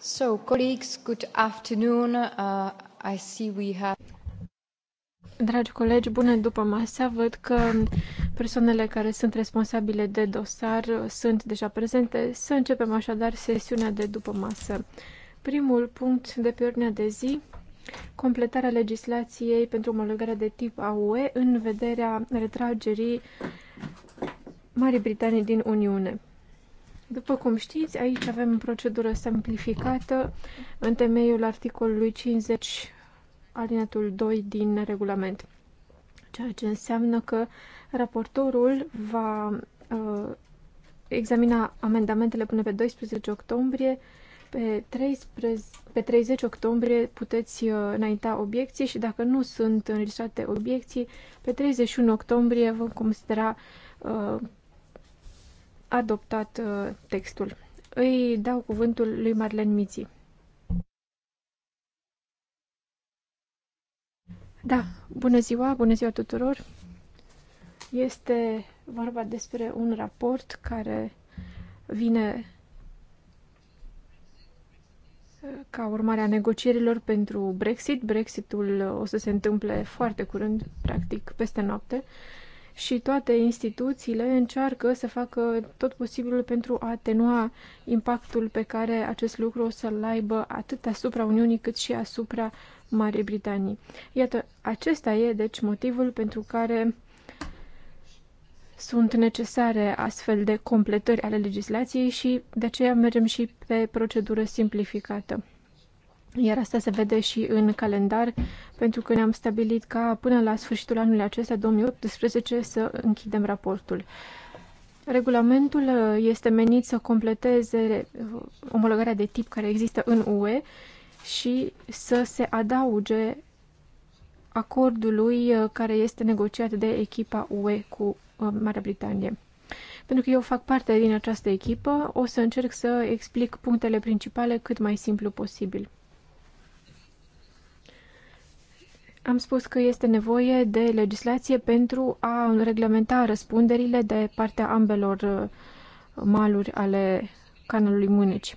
So, colleagues, good afternoon. Uh, I see we have... Dragi colegi, bună după masă. Văd că persoanele care sunt responsabile de dosar sunt deja prezente. Să începem așadar sesiunea de după masă. Primul punct de pe ordinea de zi, completarea legislației pentru omologarea de tip AUE în vederea retragerii Marii Britanii din Uniune. După cum știți, aici avem procedură simplificată în temeiul articolului 50 alineatul 2 din regulament, ceea ce înseamnă că raportorul va uh, examina amendamentele până pe 12 octombrie. Pe, 13, pe 30 octombrie puteți uh, înainta obiecții și dacă nu sunt înregistrate obiecții, pe 31 octombrie vom considera uh, adoptat uh, textul. Îi dau cuvântul lui Marlen Miții. Da, bună ziua, bună ziua tuturor. Este vorba despre un raport care vine uh, ca urmare a negocierilor pentru Brexit. Brexitul uh, o să se întâmple foarte curând, practic peste noapte. Uh, și toate instituțiile încearcă să facă tot posibilul pentru a atenua impactul pe care acest lucru o să-l aibă atât asupra Uniunii cât și asupra Marii Britanii. Iată, acesta e deci motivul pentru care sunt necesare astfel de completări ale legislației și de aceea mergem și pe procedură simplificată. Iar asta se vede și în calendar, pentru că ne-am stabilit ca până la sfârșitul anului acesta, 2018, să închidem raportul. Regulamentul uh, este menit să completeze uh, omologarea de tip care există în UE și să se adauge acordului uh, care este negociat de echipa UE cu Marea Britanie. Pentru că eu fac parte din această echipă, o să încerc să explic punctele principale cât mai simplu posibil. Am spus că este nevoie de legislație pentru a reglementa răspunderile de partea ambelor uh, maluri ale canalului Mâneci.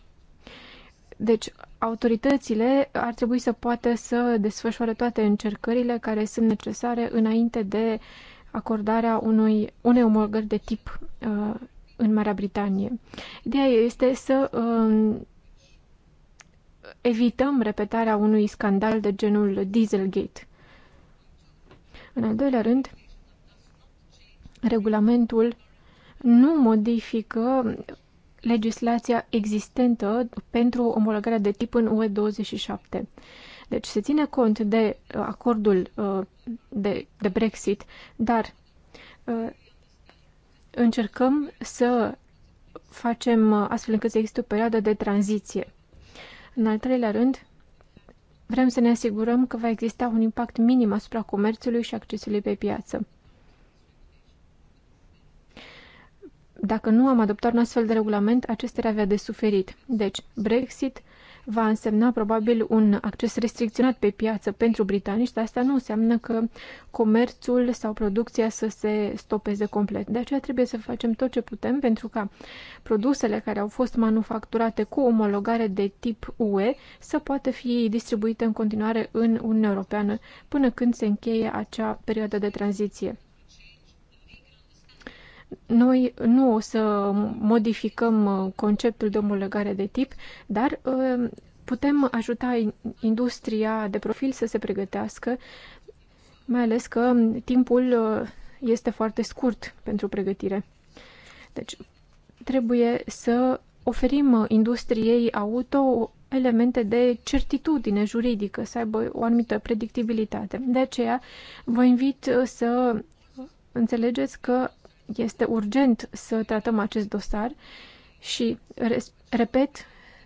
Deci, autoritățile ar trebui să poată să desfășoare toate încercările care sunt necesare înainte de acordarea unui, unei omologări de tip uh, în Marea Britanie. Ideea este să uh, evităm repetarea unui scandal de genul Dieselgate. În al doilea rând, regulamentul nu modifică legislația existentă pentru omologarea de tip în UE27. Deci se ține cont de uh, acordul uh, de, de Brexit, dar uh, încercăm să facem astfel încât să existe o perioadă de tranziție. În al treilea rând, Vrem să ne asigurăm că va exista un impact minim asupra comerțului și accesului pe piață. Dacă nu am adoptat un astfel de regulament, acesta ar avea de suferit. Deci, Brexit, va însemna probabil un acces restricționat pe piață pentru britanici, dar asta nu înseamnă că comerțul sau producția să se stopeze complet. De aceea trebuie să facem tot ce putem pentru ca produsele care au fost manufacturate cu omologare de tip UE să poată fi distribuite în continuare în Uniunea Europeană până când se încheie acea perioadă de tranziție. Noi nu o să modificăm uh, conceptul de omologare de tip, dar uh, putem ajuta industria de profil să se pregătească, mai ales că timpul uh, este foarte scurt pentru pregătire. Deci, trebuie să oferim industriei auto elemente de certitudine juridică, să aibă o anumită predictibilitate. De aceea, vă invit să înțelegeți că este urgent să tratăm acest dosar și, repet,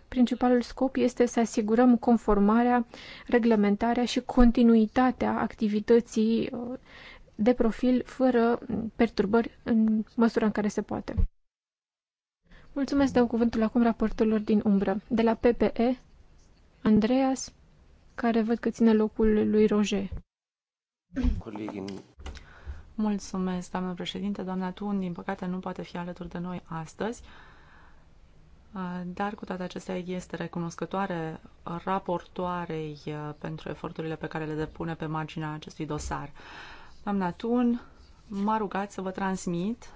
principalul scop este să asigurăm conformarea, reglementarea și continuitatea activității uh, de profil fără perturbări în măsura în care se poate. Mulțumesc, dau cuvântul acum raportorilor din umbră. De la PPE, Andreas, care văd că ține locul lui Roger. Colegii Mulțumesc, doamnă președinte. Doamna Tun, din păcate, nu poate fi alături de noi astăzi, uh, dar cu toate acestea este recunoscătoare raportoarei uh, pentru eforturile pe care le depune pe marginea acestui dosar. Doamna Tun, m-a rugat să vă transmit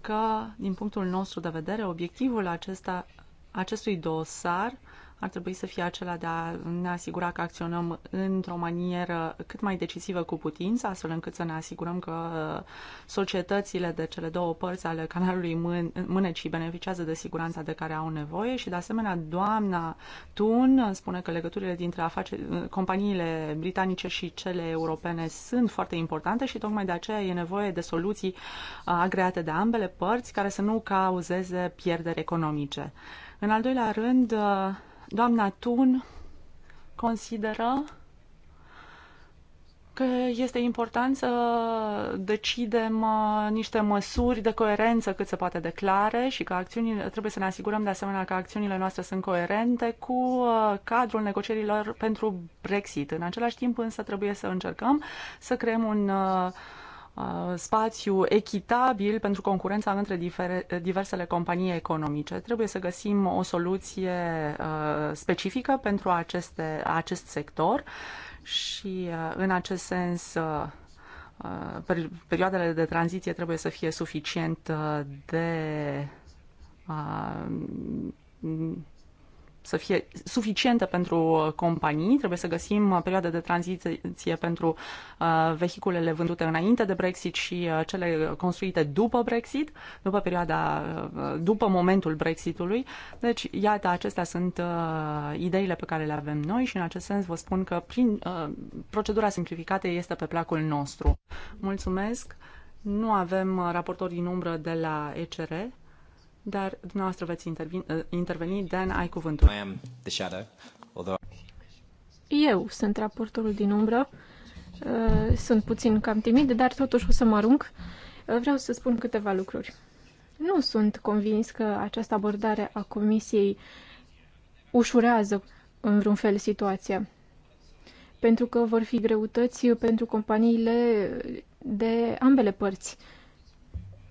că, din punctul nostru de vedere, obiectivul acesta, acestui dosar ar trebui să fie acela de a ne asigura că acționăm într-o manieră cât mai decisivă cu putință, astfel încât să ne asigurăm că uh, societățile de cele două părți ale canalului Mânecii beneficiază de siguranța de care au nevoie și, de asemenea, doamna Tun spune că legăturile dintre afaceri, uh, companiile britanice și cele europene sunt foarte importante și tocmai de aceea e nevoie de soluții uh, agreate de ambele părți care să nu cauzeze pierderi economice. În al doilea rând, doamna Tun consideră că este important să decidem uh, niște măsuri de coerență cât se poate declare și că acțiunile, trebuie să ne asigurăm de asemenea că acțiunile noastre sunt coerente cu uh, cadrul negocierilor pentru Brexit. În același timp însă trebuie să încercăm să creăm un uh, Uh, spațiu echitabil pentru concurența între uh, diversele companii economice. Trebuie să găsim o soluție uh, specifică pentru aceste, acest sector și în acest sens perioadele de tranziție trebuie să fie suficient de să fie suficientă pentru uh, companii. Trebuie să găsim uh, perioade de tranziție pentru uh, vehiculele vândute înainte de Brexit și cele construite după Brexit, după perioada, după momentul Brexitului. Deci, iată, acestea sunt ideile pe care le avem noi și în acest sens vă spun că prin procedura simplificată este pe placul nostru. Mulțumesc! Nu avem raportori din umbră de la ECR, dar dumneavoastră veți intervin, uh, interveni Dan, ai cuvântul. I am the shadow, although... Eu sunt raportorul din umbră. Uh, sunt puțin cam timid, dar totuși o să mă arunc. Uh, vreau să spun câteva lucruri. Nu sunt convins că această abordare a Comisiei ușurează în vreun fel situația, pentru că vor fi greutăți pentru companiile de ambele părți.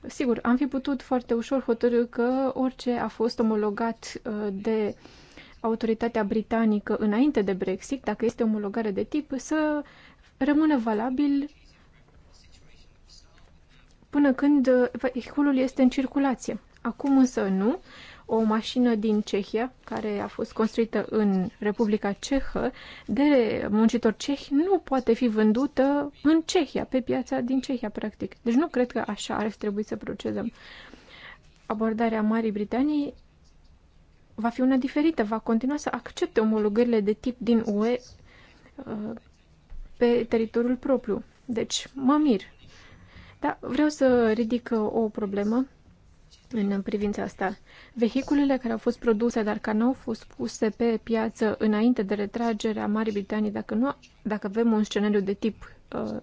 Sigur, am fi putut foarte ușor hotărâ că orice a fost omologat uh, de autoritatea britanică înainte de Brexit, dacă este omologare de tip, să rămână valabil până când uh, vehiculul este în circulație. Acum însă nu o mașină din Cehia, care a fost construită în Republica Cehă, de muncitori cehi, nu poate fi vândută în Cehia, pe piața din Cehia, practic. Deci nu cred că așa ar trebui să procedăm. Abordarea Marii Britanii va fi una diferită, va continua să accepte omologările de tip din UE uh, pe teritoriul propriu. Deci, mă mir. Dar vreau să ridic uh, o problemă în privința asta. Vehiculele care au fost produse, dar care nu au fost puse pe piață înainte de retragerea Marii Britanii, dacă, nu, dacă avem un scenariu de tip uh,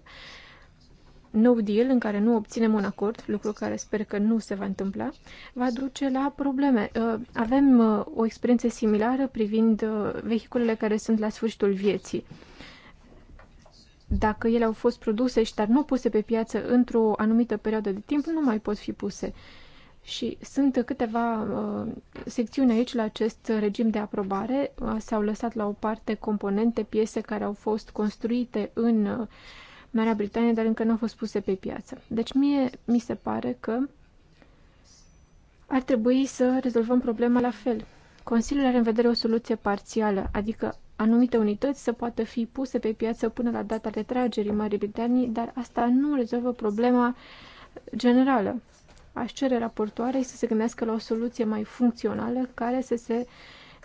no deal, în care nu obținem un acord, lucru care sper că nu se va întâmpla, va duce la probleme. Uh, avem uh, o experiență similară privind uh, vehiculele care sunt la sfârșitul vieții dacă ele au fost produse și dar nu puse pe piață într-o anumită perioadă de timp, nu mai pot fi puse. Și sunt câteva uh, secțiuni aici la acest regim de aprobare. Uh, s-au lăsat la o parte componente, piese care au fost construite în uh, Marea Britanie, dar încă nu au fost puse pe piață. Deci mie mi se pare că ar trebui să rezolvăm problema la fel. Consiliul are în vedere o soluție parțială, adică anumite unități să poată fi puse pe piață până la data retragerii Marii Britanii, dar asta nu rezolvă problema generală aș cere raportoarei să se gândească la o soluție mai funcțională care să se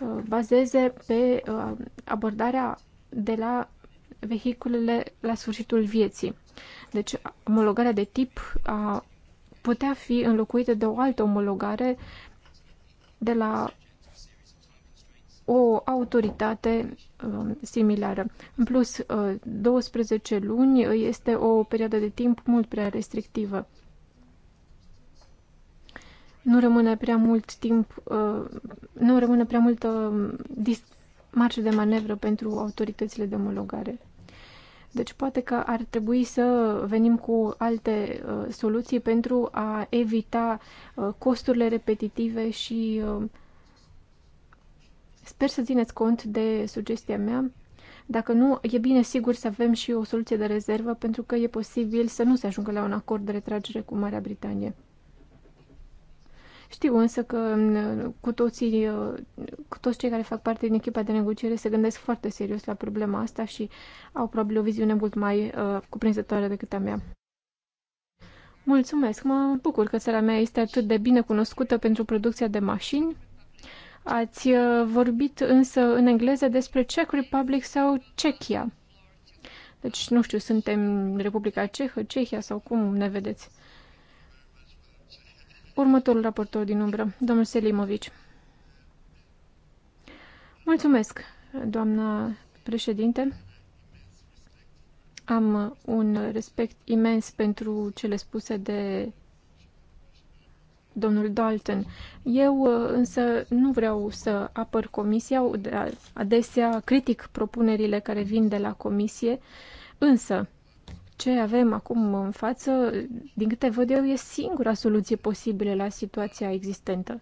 uh, bazeze pe uh, abordarea de la vehiculele la sfârșitul vieții. Deci, omologarea de tip a putea fi înlocuită de o altă omologare de la o autoritate um, similară. În plus, 12 uh, luni este o perioadă de timp mult prea restrictivă nu rămâne prea mult timp, uh, nu rămâne prea multă um, marge de manevră pentru autoritățile de omologare. Deci poate că ar trebui să venim cu alte uh, soluții pentru a evita uh, costurile repetitive și sper să țineți cont de sugestia mea. Dacă nu, e bine sigur să avem și o soluție de rezervă pentru că e posibil să nu se ajungă la un acord de retragere cu Marea Britanie. Știu însă că mm, cu, toții, uh, cu toți cei care fac parte din echipa de negociere se gândesc foarte serios la problema asta și au probabil o viziune mult mai uh, cuprinzătoare decât a mea. Mulțumesc! Mă bucur că țara mea este atât de bine cunoscută pentru producția de mașini. Ați uh, vorbit însă în engleză despre Czech Republic sau Cehia. Deci, nu știu, suntem Republica Cehă, Cehia sau cum ne vedeți? Următorul raportor din umbră, domnul Selimovic. Mulțumesc, doamna președinte. Am un respect imens pentru cele spuse de domnul Dalton. Eu însă nu vreau să apăr comisia, adesea critic propunerile care vin de la comisie, însă ce avem acum în față, din câte văd eu, e singura soluție posibilă la situația existentă.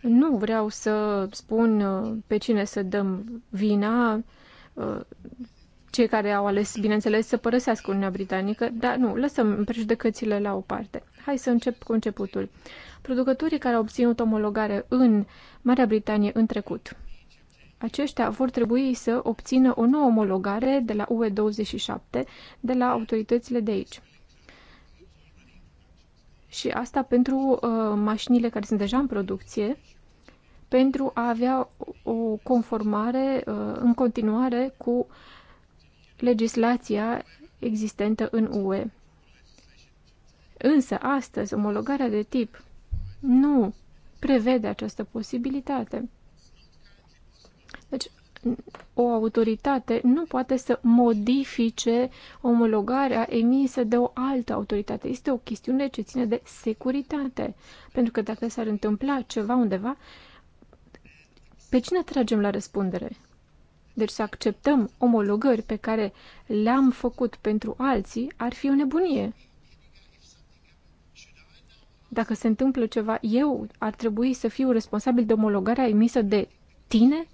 Nu vreau să spun uh, pe cine să dăm vina, uh, cei care au ales, bineînțeles, să părăsească Uniunea Britanică, dar nu, lăsăm prejudecățile la o parte. Hai să încep cu începutul. Producătorii care au obținut omologare în Marea Britanie în trecut aceștia vor trebui să obțină o nouă omologare de la UE27, de la autoritățile de aici. Și asta pentru uh, mașinile care sunt deja în producție, pentru a avea o conformare uh, în continuare cu legislația existentă în UE. Însă, astăzi, omologarea de tip nu prevede această posibilitate o autoritate nu poate să modifice omologarea emisă de o altă autoritate. Este o chestiune ce ține de securitate. Pentru că dacă s-ar întâmpla ceva undeva, pe cine tragem la răspundere? Deci să acceptăm omologări pe care le-am făcut pentru alții ar fi o nebunie. Dacă se întâmplă ceva, eu ar trebui să fiu responsabil de omologarea emisă de tine?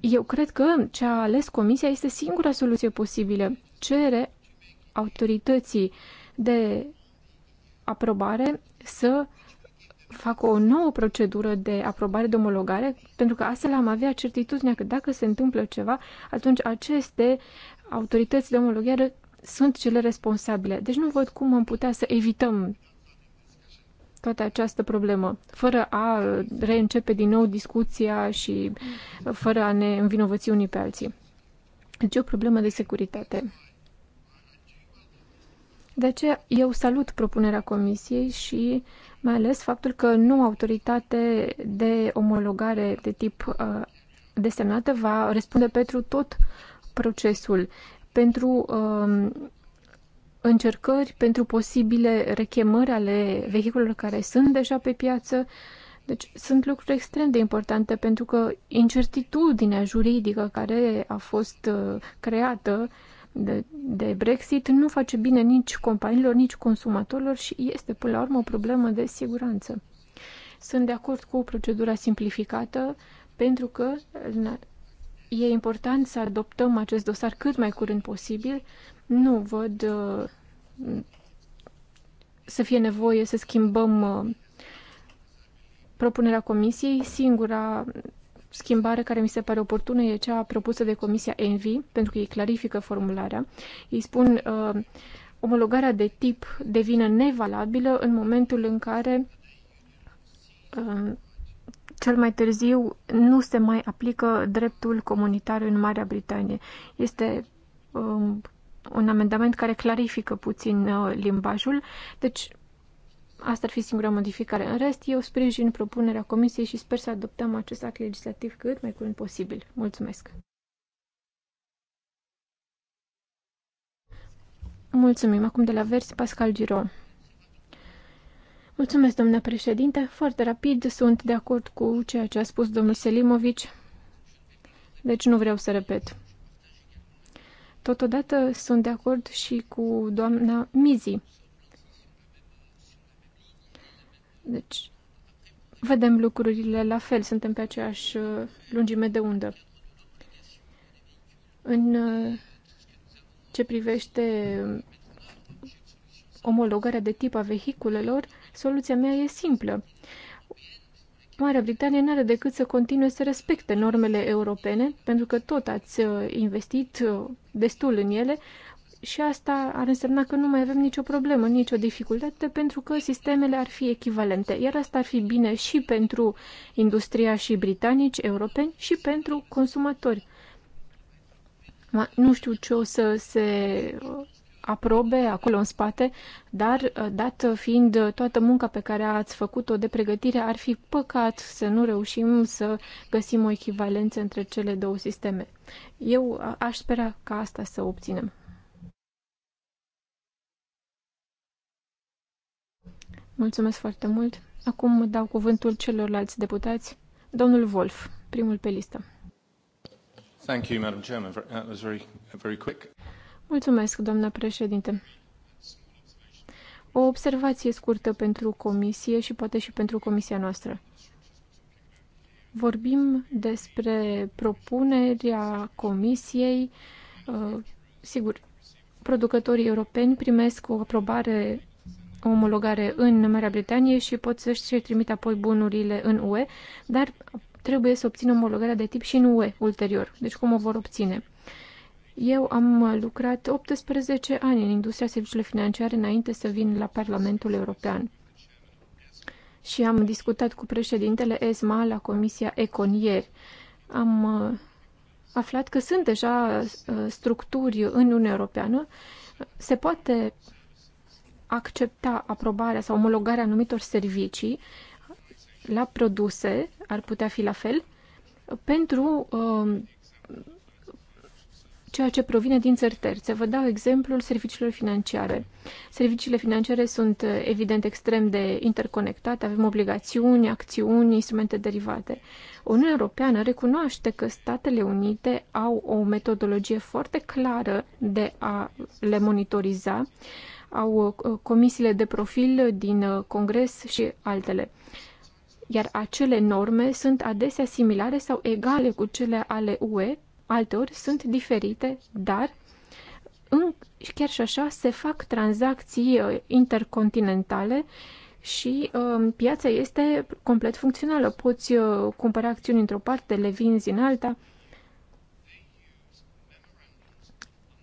Eu cred că ce a ales Comisia este singura soluție posibilă. Cere autorității de aprobare să facă o nouă procedură de aprobare, de omologare, pentru că astfel am avea certitudinea că dacă se întâmplă ceva, atunci aceste autorități de omologare sunt cele responsabile. Deci nu văd cum am putea să evităm toată această problemă, fără a reîncepe din nou discuția și fără a ne învinovăți unii pe alții. Deci e o problemă de securitate. De aceea eu salut propunerea comisiei și mai ales faptul că nu autoritate de omologare de tip uh, desemnată va răspunde pentru tot procesul, pentru uh, încercări pentru posibile rechemări ale vehiculelor care sunt deja pe piață. Deci sunt lucruri extrem de importante pentru că incertitudinea juridică care a fost uh, creată de, de Brexit nu face bine nici companiilor, nici consumatorilor și este până la urmă o problemă de siguranță. Sunt de acord cu procedura simplificată pentru că uh, e important să adoptăm acest dosar cât mai curând posibil, nu văd uh, să fie nevoie să schimbăm uh, propunerea comisiei. Singura schimbare care mi se pare oportună e cea propusă de Comisia ENVI, pentru că ei clarifică formularea. Ei spun uh, omologarea de tip devine nevalabilă în momentul în care uh, cel mai târziu nu se mai aplică dreptul comunitar în Marea Britanie. Este um, un amendament care clarifică puțin uh, limbajul. Deci, asta ar fi singura modificare. În rest, eu sprijin propunerea Comisiei și sper să adoptăm acest act legislativ cât mai curând posibil. Mulțumesc! Mulțumim. Acum de la vers, Pascal Giro. Mulțumesc, domnule președinte. Foarte rapid, sunt de acord cu ceea ce a spus domnul Selimovici, deci nu vreau să repet. Totodată sunt de acord și cu doamna Mizi. Deci, vedem lucrurile la fel, suntem pe aceeași uh, lungime de undă. În uh, ce privește omologarea de tip a vehiculelor, soluția mea e simplă. Marea Britanie nu are decât să continue să respecte normele europene, pentru că tot ați uh, investit uh, destul în ele și asta ar însemna că nu mai avem nicio problemă, nicio dificultate, pentru că sistemele ar fi echivalente. Iar asta ar fi bine și pentru industria și britanici, europeni și pentru consumatori. Nu știu ce o să se uh, aprobe acolo în spate, dar uh, dat fiind toată munca pe care ați făcut-o de pregătire, ar fi păcat să nu reușim să găsim o echivalență între cele două sisteme. Eu aș spera ca asta să obținem. Mulțumesc foarte mult. Acum dau cuvântul celorlalți deputați. Domnul Wolf, primul pe listă. Thank you, Madam Chairman. Uh, that was very, very quick. Mulțumesc, doamna președinte. O observație scurtă pentru comisie și poate și pentru comisia noastră. Vorbim despre propunerea comisiei. Uh, sigur, producătorii europeni primesc o aprobare, o omologare în Marea Britanie și pot să-și trimit apoi bunurile în UE, dar trebuie să obțină omologarea de tip și în UE ulterior. Deci cum o vor obține? Eu am lucrat 18 ani în industria serviciilor financiare înainte să vin la Parlamentul European și am discutat cu președintele ESMA la Comisia Econier. Am uh, aflat că sunt deja uh, structuri în Uniunea Europeană. Se poate accepta aprobarea sau omologarea anumitor servicii la produse, ar putea fi la fel, pentru uh, ceea ce provine din țări terțe. Vă dau exemplul serviciilor financiare. Serviciile financiare sunt eh, evident extrem de interconectate, avem obligațiuni, acțiuni, instrumente derivate. Uniunea Europeană recunoaște că Statele Unite au o metodologie foarte clară de a le monitoriza, au eh, comisiile de profil din eh, Congres și altele iar acele norme sunt adesea similare sau egale cu cele ale UE, alteori sunt diferite, dar în, chiar și așa se fac tranzacții uh, intercontinentale și uh, piața este complet funcțională. Poți uh, cumpăra acțiuni într-o parte, le vinzi în alta.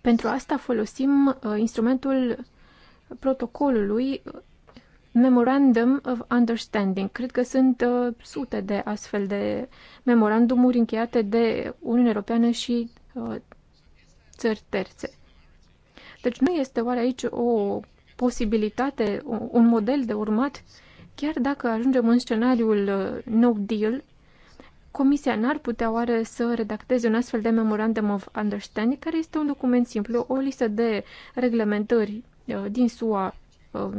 Pentru asta folosim uh, instrumentul protocolului Memorandum of Understanding. Cred că sunt uh, sute de astfel de memorandumuri încheiate de Uniunea Europeană și uh, țări terțe. Deci nu este oare aici o posibilitate, un model de urmat? Chiar dacă ajungem în scenariul uh, no deal, Comisia n-ar putea oare să redacteze un astfel de Memorandum of Understanding, care este un document simplu, o listă de reglementări uh, din SUA uh,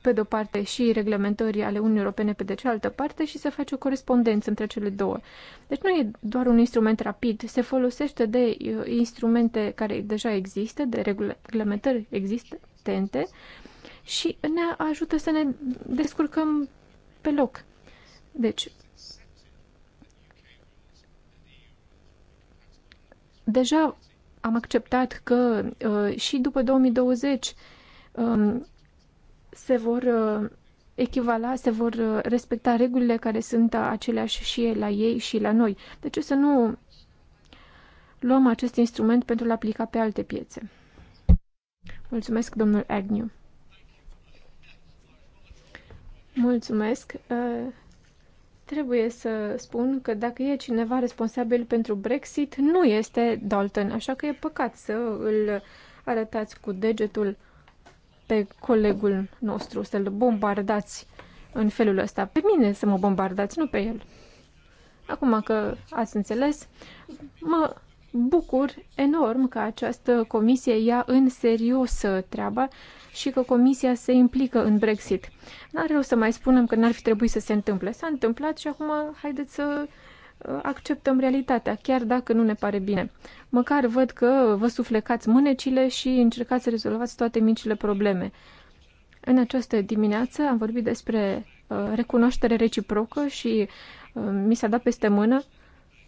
pe de-o parte și reglementării ale Uniunii Europene pe de cealaltă parte și să face o corespondență între cele două. Deci nu e doar un instrument rapid, se folosește de uh, instrumente care deja există, de reglementări existente și ne ajută să ne descurcăm pe loc. Deci, deja am acceptat că uh, și după 2020 um, se vor uh, echivala, se vor uh, respecta regulile care sunt aceleași și la ei și la noi. De deci ce să nu luăm acest instrument pentru a-l aplica pe alte piețe? Mulțumesc, domnul Agnew. Mulțumesc. Uh, trebuie să spun că dacă e cineva responsabil pentru Brexit, nu este Dalton, așa că e păcat să îl arătați cu degetul pe colegul nostru, să-l bombardați în felul ăsta. Pe mine să mă bombardați, nu pe el. Acum că ați înțeles, mă bucur enorm că această comisie ia în serios treaba și că comisia se implică în Brexit. n ar rău să mai spunem că n-ar fi trebuit să se întâmple. S-a întâmplat și acum haideți să uh, acceptăm realitatea, chiar dacă nu ne pare bine măcar văd că vă suflecați mânecile și încercați să rezolvați toate micile probleme. În această dimineață am vorbit despre uh, recunoaștere reciprocă și uh, mi s-a dat peste mână,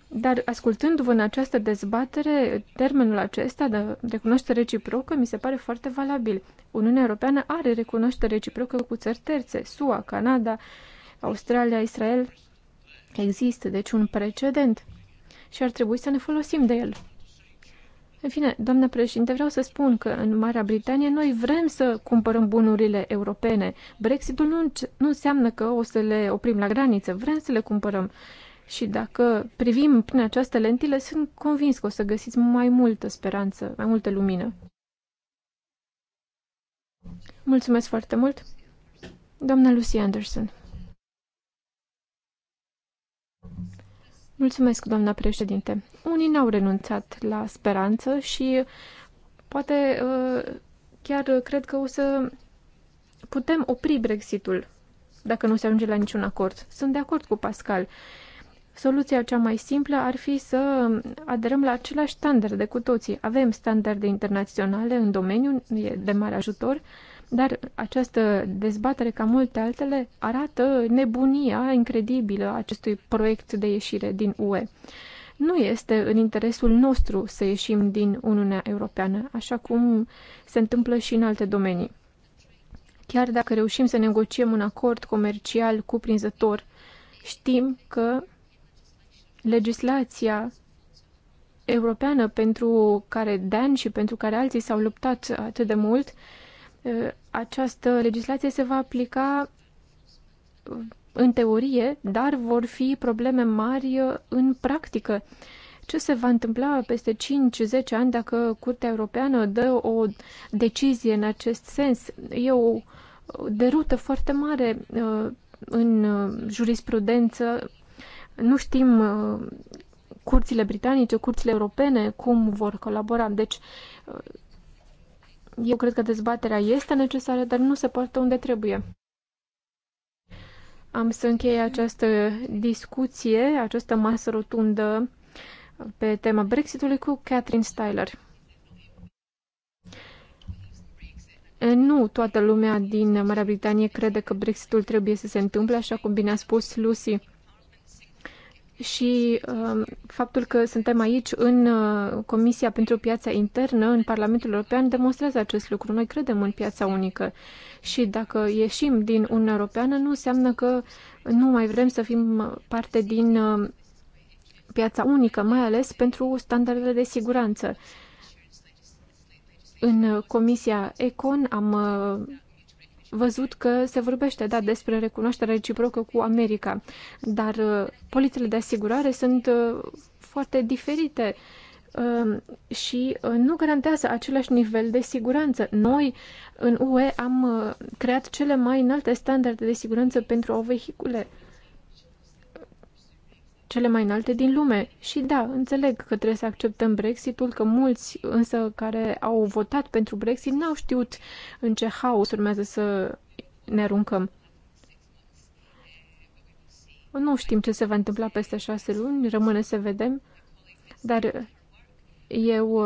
dar ascultându-vă în această dezbatere, termenul acesta de recunoaștere reciprocă mi se pare foarte valabil. Uniunea Europeană are recunoaștere reciprocă cu țări terțe, SUA, Canada, Australia, Israel. Există, deci, un precedent și ar trebui să ne folosim de el. În fine, doamnă președinte, vreau să spun că în Marea Britanie noi vrem să cumpărăm bunurile europene. Brexitul nu, nu înseamnă că o să le oprim la graniță, vrem să le cumpărăm. Și dacă privim prin această lentile, sunt convins că o să găsiți mai multă speranță, mai multă lumină. Mulțumesc foarte mult, doamna Lucy Anderson. Mulțumesc, doamna președinte. Unii n-au renunțat la speranță și poate uh, chiar cred că o să putem opri Brexitul dacă nu se ajunge la niciun acord. Sunt de acord cu Pascal. Soluția cea mai simplă ar fi să aderăm la aceleași standarde cu toții. Avem standarde internaționale în domeniu, e de mare ajutor, dar această dezbatere, ca multe altele, arată nebunia incredibilă a acestui proiect de ieșire din UE. Nu este în interesul nostru să ieșim din Uniunea Europeană, așa cum se întâmplă și în alte domenii. Chiar dacă reușim să negociem un acord comercial cuprinzător, știm că legislația europeană pentru care Dan și pentru care alții s-au luptat atât de mult Ă, această legislație se va aplica în teorie, dar vor fi probleme mari ă, în practică. Ce se va întâmpla peste 5-10 ani dacă Curtea Europeană dă o decizie în acest sens? E o derută foarte mare ă, în jurisprudență. Nu știm curțile britanice, curțile europene, cum vor colabora. Deci eu cred că dezbaterea este necesară, dar nu se poartă unde trebuie. Am să închei această discuție, această masă rotundă pe tema Brexitului cu Catherine Styler. Nu toată lumea din Marea Britanie crede că Brexitul trebuie să se întâmple, așa cum bine a spus Lucy și uh, faptul că suntem aici în uh, Comisia pentru Piața Internă în Parlamentul European demonstrează acest lucru. Noi credem în piața unică și dacă ieșim din Uniunea Europeană nu înseamnă că nu mai vrem să fim parte din uh, piața unică, mai ales pentru standardele de siguranță. În Comisia Econ am uh, văzut că se vorbește, da, despre recunoașterea reciprocă cu America, dar uh, polițele de asigurare sunt uh, foarte diferite um, și uh, nu garantează același nivel de siguranță. Noi, în UE, am creat cele mai înalte standarde de siguranță pentru o vehicule cele mai înalte din lume. Și da, înțeleg că trebuie să acceptăm Brexitul, că mulți însă care au votat pentru Brexit n-au știut în ce haos urmează să ne aruncăm. Nu știm ce se va întâmpla peste șase luni, rămâne să vedem, dar eu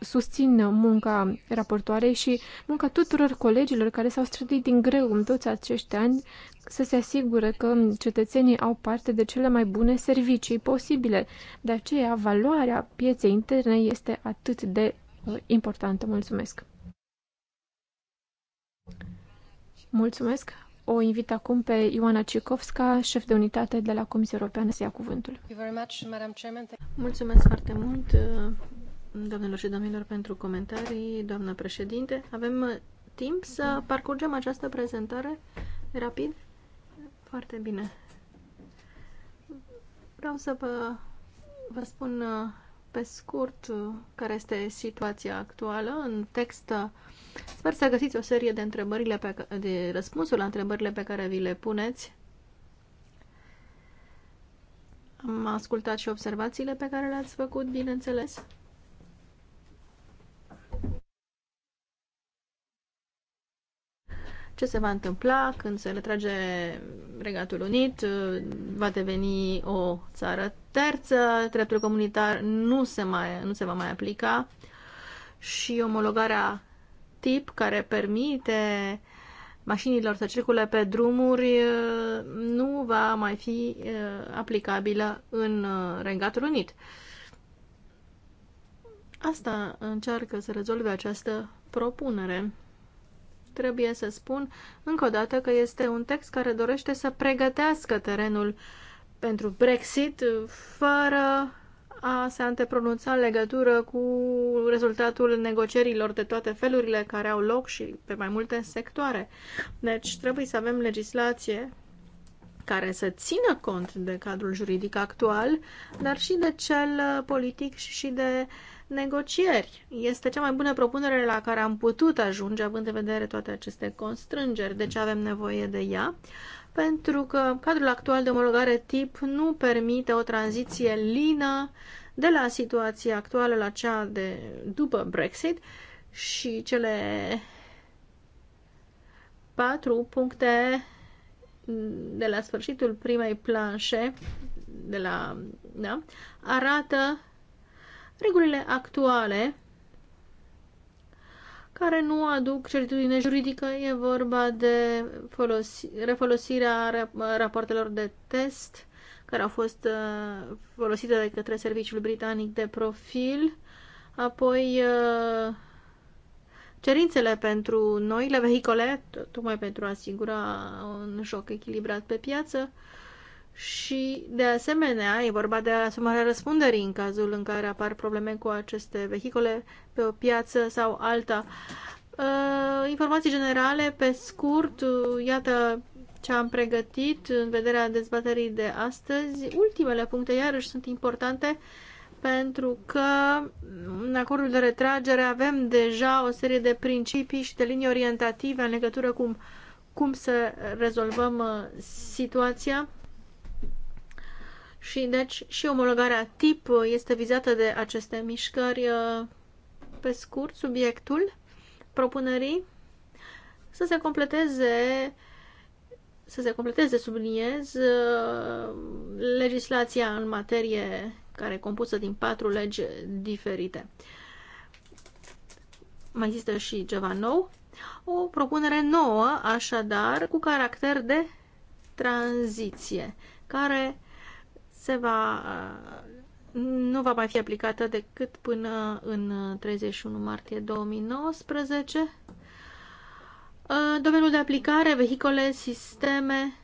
susțin munca raportoarei și munca tuturor colegilor care s-au străduit din greu în toți acești ani să se asigure că cetățenii au parte de cele mai bune servicii posibile. De aceea, valoarea pieței interne este atât de uh, importantă. Mulțumesc! Mulțumesc! O invit acum pe Ioana Cicovska, șef de unitate de la Comisia Europeană, să ia cuvântul. Mulțumesc foarte mult, uh, Doamnelor și domnilor, pentru comentarii, doamnă președinte, avem uh, timp să parcurgem această prezentare rapid? Foarte bine. Vreau să vă, vă spun uh, pe scurt uh, care este situația actuală. În text sper să găsiți o serie de, întrebările pe, de răspunsuri la întrebările pe care vi le puneți. Am ascultat și observațiile pe care le-ați făcut, bineînțeles. ce se va întâmpla când se retrage Regatul Unit, va deveni o țară terță, dreptul comunitar nu se, mai, nu se va mai aplica și omologarea tip care permite mașinilor să circule pe drumuri nu va mai fi aplicabilă în Regatul Unit. Asta încearcă să rezolve această propunere trebuie să spun încă o dată că este un text care dorește să pregătească terenul pentru Brexit fără a se antepronunța în legătură cu rezultatul negocierilor de toate felurile care au loc și pe mai multe sectoare. Deci trebuie să avem legislație care să țină cont de cadrul juridic actual, dar și de cel politic și de uh, negocieri. Este cea mai bună propunere la care am putut ajunge, având în vedere toate aceste constrângeri, deci avem nevoie de ea, pentru că cadrul actual de omologare tip nu permite o tranziție lină de la situația actuală la cea de după Brexit și cele patru puncte de la sfârșitul primei planșe de la, da, arată regulile actuale care nu aduc certitudine juridică, e vorba de refolosirea rapoartelor de test care au fost uh, folosite de către Serviciul Britanic de Profil, apoi uh, cerințele pentru noile vehicole, tocmai pentru a asigura un joc echilibrat pe piață, și, de asemenea, e vorba de asumarea răspunderii în cazul în care apar probleme cu aceste vehicule pe o piață sau alta. Uh, informații generale, pe scurt, uh, iată ce am pregătit în vederea dezbaterii de astăzi. Ultimele puncte, iarăși, sunt importante pentru că în acordul de retragere avem deja o serie de principii și de linii orientative în legătură cu cum să rezolvăm uh, situația și deci și omologarea tip este vizată de aceste mișcări. Uh, pe scurt, subiectul propunerii să se completeze să se completeze, subliniez, uh, legislația în materie care e compusă din patru legi diferite. Mai există și ceva nou. O propunere nouă, așadar, cu caracter de tranziție, care se va, uh, nu va mai fi aplicată decât până în 31 uh, martie 2019. Uh, domeniul de aplicare, vehicole, sisteme,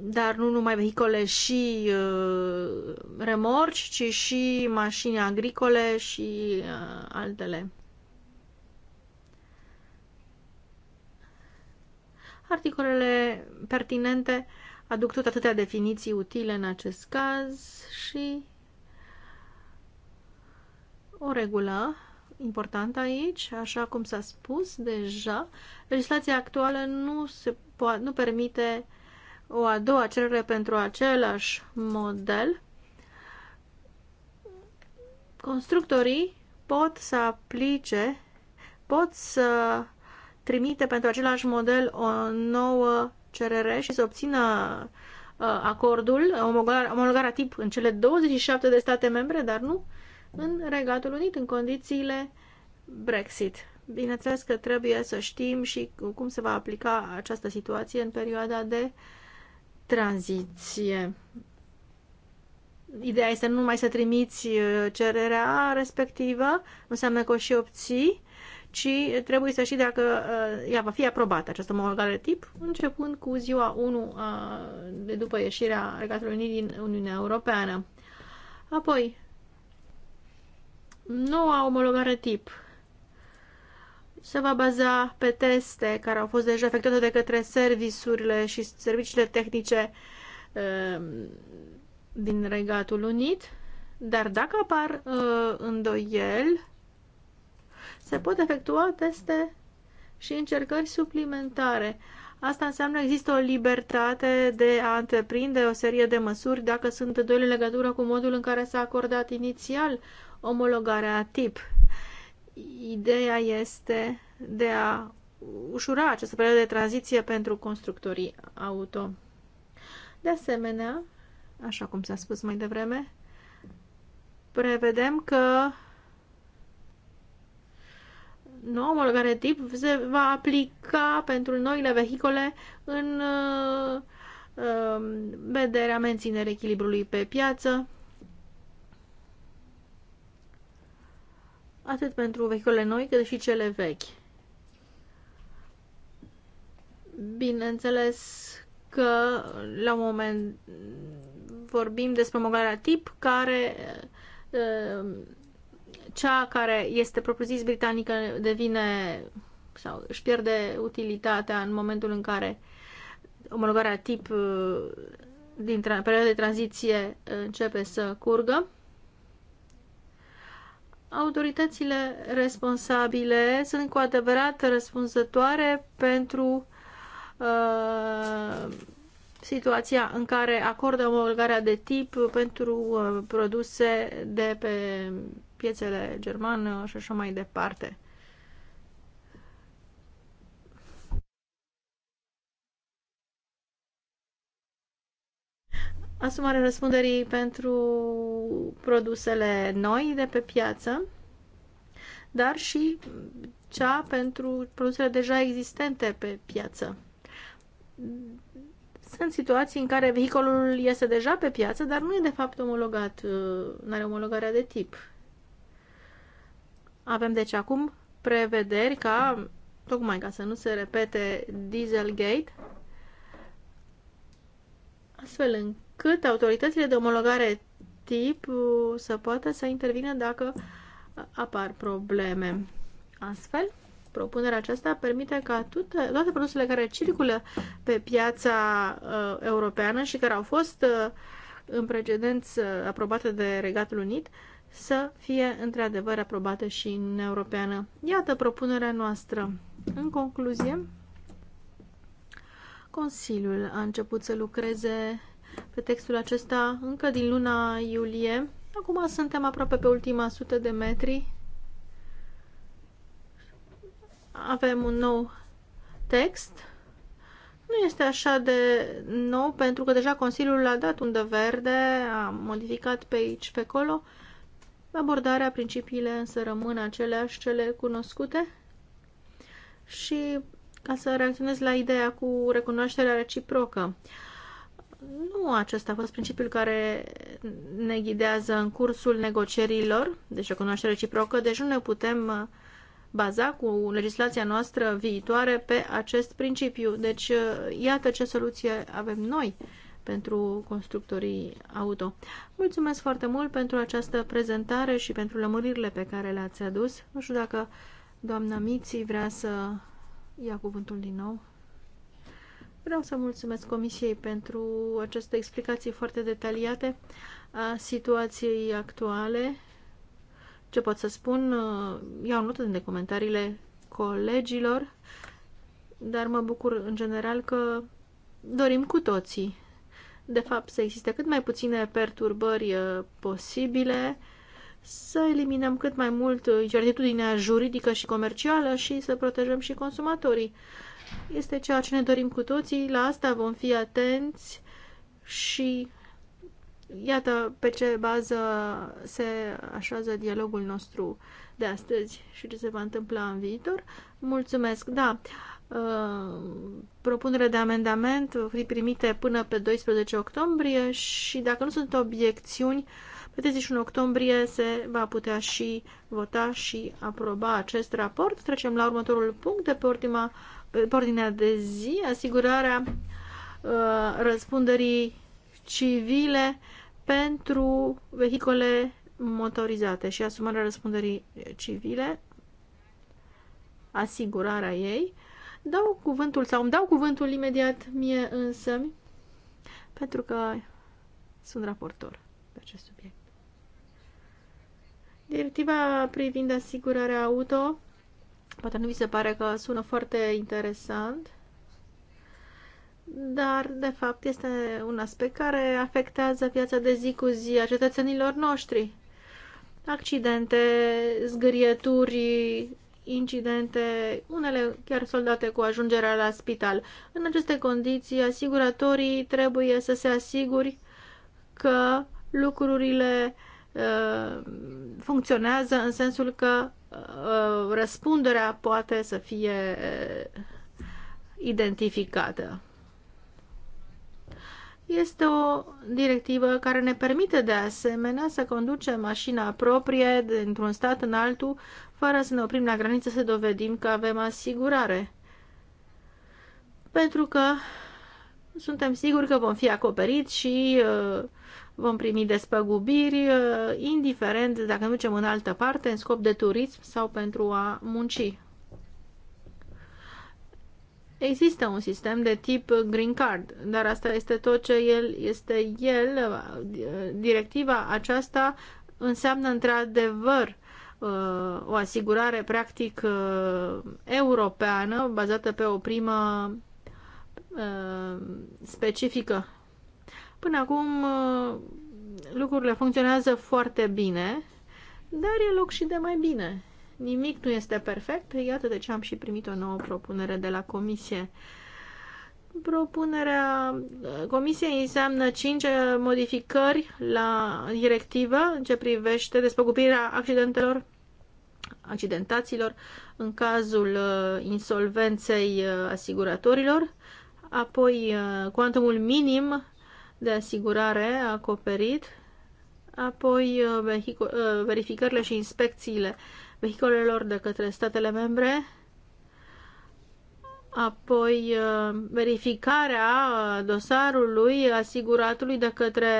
dar nu numai vehicole și remorci, ci și mașini agricole și altele. Articolele pertinente uh, aduc tot atâtea definiții utile în acest caz și o regulă importantă aici, așa cum s-a spus deja, legislația actuală nu, se poate, nu permite o a doua cerere pentru același model. Constructorii pot să aplice, pot să trimite pentru același model o nouă cerere și să obțină uh, acordul, omologarea, omologarea tip în cele 27 de state membre, dar nu în Regatul Unit, în condițiile Brexit. Bineînțeles că trebuie să știm și cum se va aplica această situație în perioada de tranziție. Ideea este nu mai să trimiți uh, cererea respectivă, înseamnă că o și obții, ci trebuie să și dacă uh, ea va fi aprobată, această omologare tip, începând cu ziua 1 uh, de după ieșirea Regatului Unit din Uniunea Europeană. Apoi, noua omologare tip se va baza pe teste care au fost deja efectuate de către serviciurile și serviciile tehnice uh, din Regatul Unit, dar dacă apar uh, îndoieli, se pot efectua teste și încercări suplimentare. Asta înseamnă există o libertate de a întreprinde o serie de măsuri dacă sunt doi în legătură cu modul în care s-a acordat inițial omologarea tip. Ideea este de a ușura această perioadă de tranziție pentru constructorii auto. De asemenea, așa cum s-a spus mai devreme, prevedem că noua omologare tip se va aplica pentru noile vehicole în uh, um, vederea menținerii echilibrului pe piață. Atât pentru vehicole noi, cât și cele vechi. Bineînțeles că la un moment vorbim despre omologarea tip care uh, cea care este propriu-zis britanică devine sau își pierde utilitatea în momentul în care omologarea tip uh, din perioada de tranziție uh, începe să curgă. Autoritățile responsabile sunt cu adevărat răspunzătoare pentru uh, situația în care acordă omologarea de tip pentru uh, produse de pe piețele germană și așa mai departe. Asumare răspunderii pentru produsele noi de pe piață, dar și cea pentru produsele deja existente pe piață. Sunt situații în care vehiculul este deja pe piață, dar nu e de fapt omologat, nu are omologarea de tip. Avem deci acum prevederi ca, tocmai ca să nu se repete Dieselgate, astfel încât autoritățile de omologare tip uh, să poată să intervină dacă apar probleme. Astfel, propunerea aceasta permite ca toate, toate produsele care circulă pe piața uh, europeană și care au fost uh, în precedență uh, aprobate de Regatul Unit uh, să fie într-adevăr aprobată și în Europeană. Iată propunerea noastră. În concluzie, Consiliul a început să lucreze pe textul acesta încă din luna iulie. Acum suntem aproape pe ultima sută de metri. Avem un nou text. Nu este așa de nou pentru că deja Consiliul a dat undă verde, a modificat pe aici, pe acolo Abordarea, principiile însă rămân aceleași, cele cunoscute. Și ca să reacționez la ideea cu recunoașterea reciprocă, nu acesta a fost principiul care ne ghidează în cursul negocierilor, deci recunoaștere reciprocă, deci nu ne putem uh, baza cu legislația noastră viitoare pe acest principiu. Deci, uh, iată ce soluție avem noi pentru constructorii auto. Mulțumesc foarte mult pentru această prezentare și pentru lămuririle pe care le-ați adus. Nu știu dacă doamna Miți vrea să ia cuvântul din nou. Vreau să mulțumesc Comisiei pentru aceste explicații foarte detaliate a situației actuale. Ce pot să spun? Iau notă din comentariile colegilor, dar mă bucur în general că dorim cu toții de fapt să existe cât mai puține perturbări uh, posibile, să eliminăm cât mai mult uh, incertitudinea juridică și comercială și să protejăm și consumatorii. Este ceea ce ne dorim cu toții, la asta vom fi atenți și iată pe ce bază se așează dialogul nostru de astăzi și ce se va întâmpla în viitor. Mulțumesc, da! Uh, propunere de amendament vor fi primite până pe 12 octombrie și dacă nu sunt obiecțiuni, pe 31 octombrie se va putea și vota și aproba acest raport. Trecem la următorul punct de pe, ultima, pe ordinea de zi, asigurarea uh, răspunderii civile pentru vehicole motorizate și asumarea răspunderii civile, asigurarea ei. Uh, Dau cuvântul sau îmi dau cuvântul imediat mie însă, pentru că sunt raportor pe acest subiect. Directiva privind asigurarea auto, poate nu vi se pare că sună foarte interesant, dar, de fapt, este un aspect care afectează viața de zi cu zi a cetățenilor noștri. Accidente, zgârieturi incidente, unele chiar soldate cu ajungerea la spital. În aceste condiții, asiguratorii trebuie să se asiguri că lucrurile uh, funcționează în sensul că uh, răspunderea poate să fie uh, identificată. Este o directivă care ne permite de asemenea să conducem mașina proprie dintr-un stat în altul fără să ne oprim la graniță să dovedim că avem asigurare. Pentru că suntem siguri că vom fi acoperiți și uh, vom primi despăgubiri, uh, indiferent dacă ducem în altă parte, în scop de turism sau pentru a munci. Există un sistem de tip green card, dar asta este tot ce el este el. Directiva aceasta înseamnă într-adevăr uh, o asigurare practic uh, europeană bazată pe o primă uh, specifică. Până acum lucrurile funcționează foarte bine, dar e loc și de mai bine nimic nu este perfect, iată de ce am și primit o nouă propunere de la comisie. Propunerea uh, comisiei înseamnă 5 uh, modificări la directivă în ce privește despăgubirea accidentelor, accidentaților în cazul uh, insolvenței asiguratorilor, apoi cuantumul minim de asigurare acoperit, apoi verificările și inspecțiile vehiculelor de către statele membre, apoi uh, verificarea dosarului asiguratului de către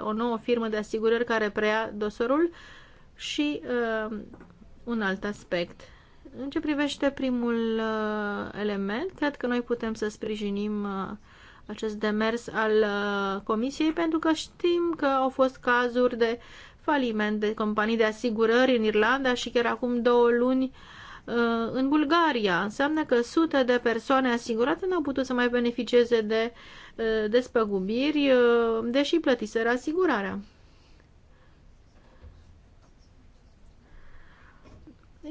o nouă firmă de asigurări care preia dosarul și uh, un alt aspect. În ce privește primul uh, element, cred că noi putem să sprijinim uh, acest demers al uh, Comisiei pentru că știm că au fost cazuri de uh, faliment de companii de asigurări în Irlanda și chiar acum două luni uh, în Bulgaria. Înseamnă că sute de persoane asigurate n-au putut să mai beneficieze de uh, despăgubiri, uh, deși plătiseră asigurarea.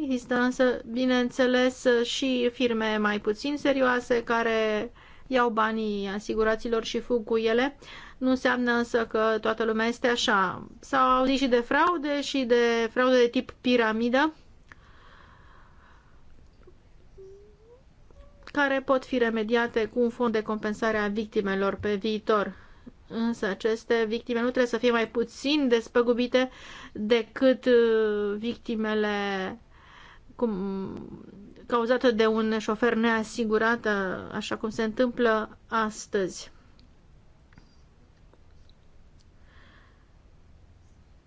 Există însă, bineînțeles, și firme mai puțin serioase care iau banii asiguraților și fug cu ele. Nu înseamnă însă că toată lumea este așa. S-au auzit și de fraude și de fraude de tip piramidă, care pot fi remediate cu un fond de compensare a victimelor pe viitor. Însă aceste victime nu trebuie să fie mai puțin despăgubite decât uh, victimele cum, cauzate de un șofer neasigurat, uh, așa cum se întâmplă astăzi.